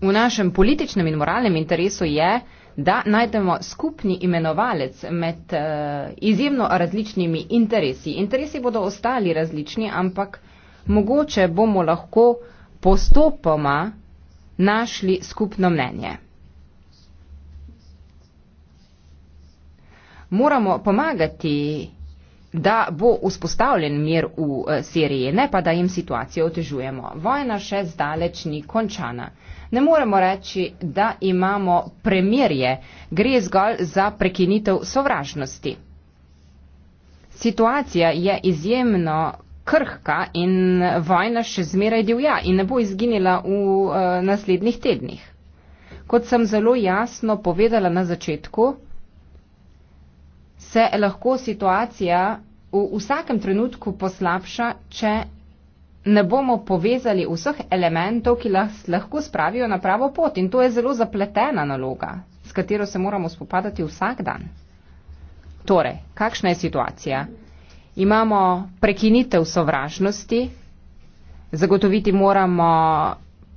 V našem političnem in moralnem interesu je, da najdemo skupni imenovalec med eh, izjemno različnimi interesi. Interesi bodo ostali različni, ampak mogoče bomo lahko postopoma našli skupno mnenje. Moramo pomagati, da bo vzpostavljen mir v eh, Siriji, ne pa da jim situacijo otežujemo. Vojna še zdaleč ni končana ne moremo reči, da imamo premirje, gre zgolj za prekinitev sovražnosti. Situacija je izjemno krhka in vojna še zmeraj divja in ne bo izginila v eh, naslednjih tednih. Kot sem zelo jasno povedala na začetku, se lahko situacija v vsakem trenutku poslabša, če ne bomo povezali vseh elementov, ki nas lahko spravijo na pravo pot. In to je zelo zapletena naloga, s katero se moramo spopadati vsak dan. Torej, kakšna je situacija? Imamo prekinitev sovražnosti, zagotoviti moramo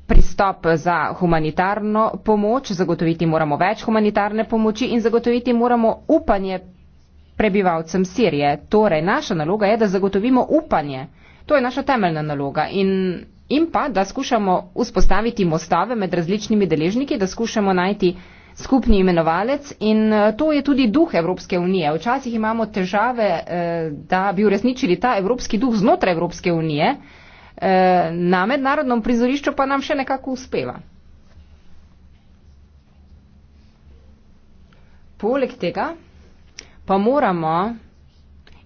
pristop za humanitarno pomoč, zagotoviti moramo več humanitarne pomoči in zagotoviti moramo upanje prebivalcem Sirije. Torej, naša naloga je, da zagotovimo upanje. To je naša temeljna naloga in, in pa, da skušamo vzpostaviti mostove med različnimi deležniki, da skušamo najti skupni imenovalec in e, to je tudi duh Evropske unije. Včasih imamo težave, e, da bi uresničili ta evropski duh znotraj Evropske unije, e, na mednarodnom prizorišču pa nam še nekako uspeva. Poleg tega pa moramo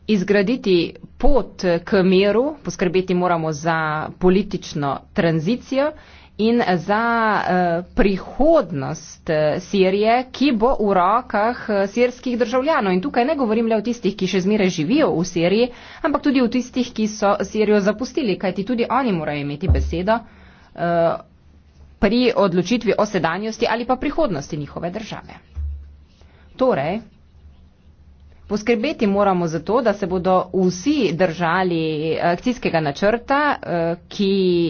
izgraditi pot eh, k miru, poskrbeti moramo za politično tranzicijo in za eh, prihodnost eh, Sirije, ki bo v rokah sirskih državljanov. In tukaj ne govorim le o tistih, ki še zmeraj živijo v Siriji, ampak tudi o tistih, ki so Sirijo zapustili, kajti tudi oni morajo imeti besedo pri odločitvi o sedanjosti ali pa prihodnosti njihove države. Torej, Poskrbeti moramo za to, da se bodo vsi držali eh, akcijskega načrta, eh, ki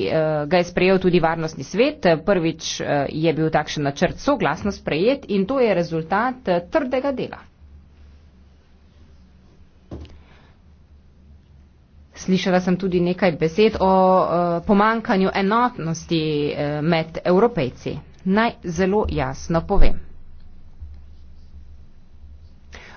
eh, ga je sprejel tudi Varnostni svet. Prvič je bil takšen načrt soglasno sprejet in to je rezultat trdega dela. Slišala sem tudi nekaj besed o pomankanju enotnosti med evropejci. Naj zelo jasno povem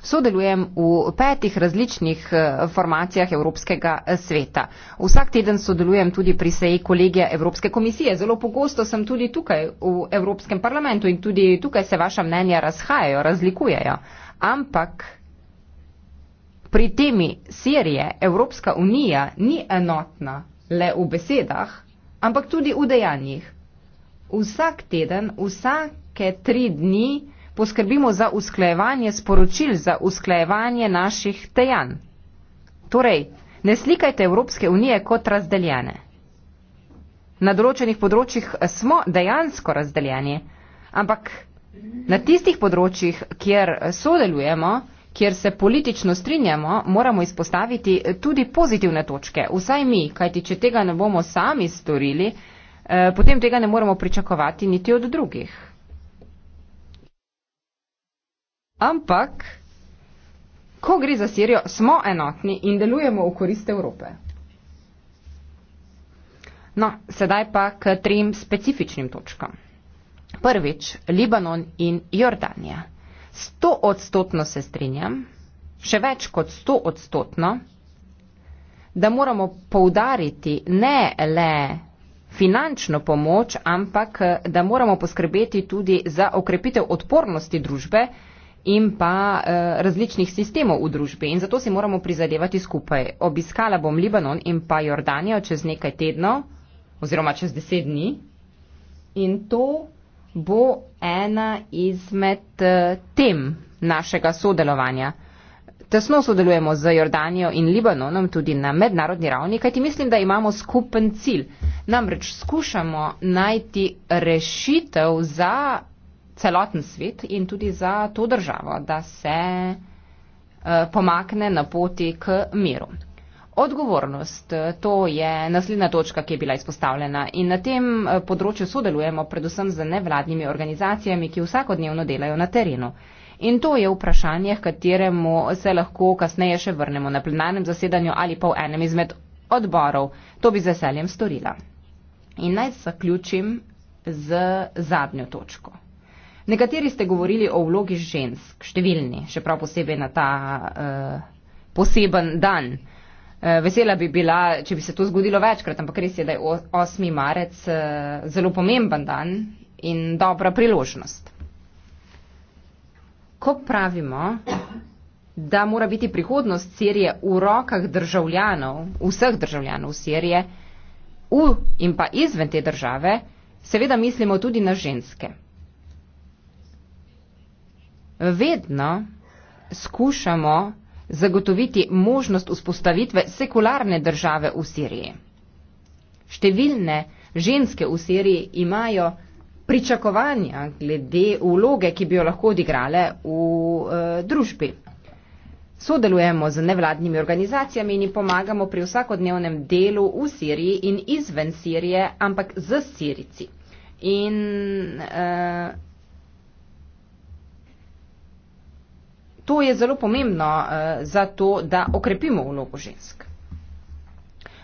sodelujem v petih različnih eh, formacijah Evropskega eh, sveta. Vsak teden sodelujem tudi pri seji kolegija Evropske komisije. Zelo pogosto sem tudi tukaj v Evropskem parlamentu in tudi tukaj se vaša mnenja razhajajo, razlikujejo. Ampak pri temi Sirije Evropska unija ni enotna le v besedah, ampak tudi v dejanjih. Vsak teden, vsake tri dni, poskrbimo za usklejevanje sporočil, za usklejevanje naših dejanj. Torej, ne slikajte Evropske unije kot razdeljene. Na določenih področjih smo dejansko razdeljeni, ampak na tistih področjih, kjer sodelujemo, kjer se politično strinjamo, moramo izpostaviti tudi pozitivne točke. Vsaj mi, kajti če tega ne bomo sami storili, eh, potem tega ne moremo pričakovati niti od drugih. Ampak, ko gre za Sirijo, smo enotni in delujemo v korist Evrope. No, sedaj pa k trem specifičnim točkam. Prvič, Libanon in Jordanija. Sto odstotno se strinjam, še več kot sto odstotno, da moramo poudariti ne le finančno pomoč, ampak da moramo poskrbeti tudi za okrepitev odpornosti družbe, in pa eh, različnih sistemov v družbi in zato si moramo prizadevati skupaj. Obiskala bom Libanon in pa Jordanijo čez nekaj tednov oziroma čez deset dni in to bo ena izmed eh, tem našega sodelovanja. Tesno sodelujemo z Jordanijo in Libanonom tudi na mednarodni ravni, kajti mislim, da imamo skupen cilj. Namreč skušamo najti rešitev za celoten svet in tudi za to državo, da se eh, pomakne na poti k miru. Odgovornost, eh, to je naslednja točka, ki je bila izpostavljena in na tem eh, področju sodelujemo predvsem z nevladnimi organizacijami, ki vsakodnevno delajo na terenu. In to je vprašanje, kateremu se lahko kasneje še vrnemo na plenarnem zasedanju ali pa v enem izmed odborov. To bi z veseljem storila. In naj zaključim z zadnjo točko. Nekateri ste govorili o vlogi žensk, številni, še prav posebej na ta uh, poseben dan. Eh, vesela bi bila, če bi se to zgodilo večkrat, ampak res je, da je 8. marec eh, zelo pomemben dan in dobra priložnost. Ko pravimo, da mora biti prihodnost Sirije v rokah državljanov, vseh državljanov Sirije, v in pa izven te države, seveda mislimo tudi na ženske vedno skušamo zagotoviti možnost vzpostavitve sekularne države v Siriji. Številne ženske v Siriji imajo pričakovanja glede vloge, ki bi jo lahko odigrale v e, družbi. Sodelujemo z nevladnimi organizacijami in jim pomagamo pri vsakodnevnem delu v Siriji in izven Sirije, ampak z Sirici. In e, to je zelo pomembno uh, za to, da okrepimo vlogo žensk.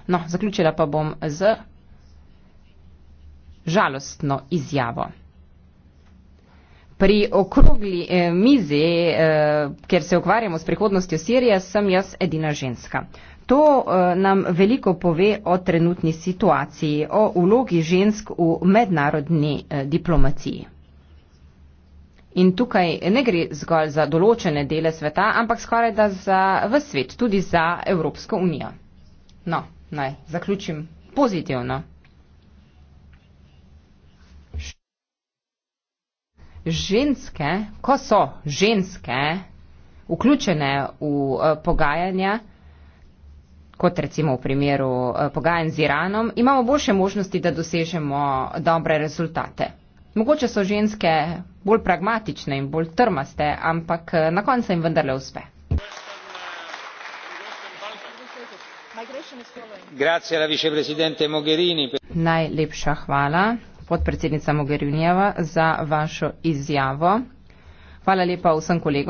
No, zaključila pa bom z žalostno izjavo. Pri okrogli eh, mizi, eh, ker se ukvarjamo s prihodnostjo Sirije, sem jaz edina ženska. To eh, nam veliko pove o trenutni situaciji, o vlogi žensk v mednarodni eh, diplomaciji. In tukaj ne gre zgolj za določene dele sveta, ampak skoraj da za vse svet, tudi za Evropsko unijo. No, naj zaključim pozitivno. Ženske, ko so ženske vključene v eh, pogajanja, kot recimo v primeru eh, pogajanj z Iranom, imamo boljše možnosti, da dosežemo dobre rezultate. Mogoče so ženske bolj pragmatične in bolj trmaste, ampak eh, na koncu jim vendarle uspe. Najlepša hvala, podpredsednica Mogherinjeva, za vašo izjavo. Hvala lepa vsem kolegom.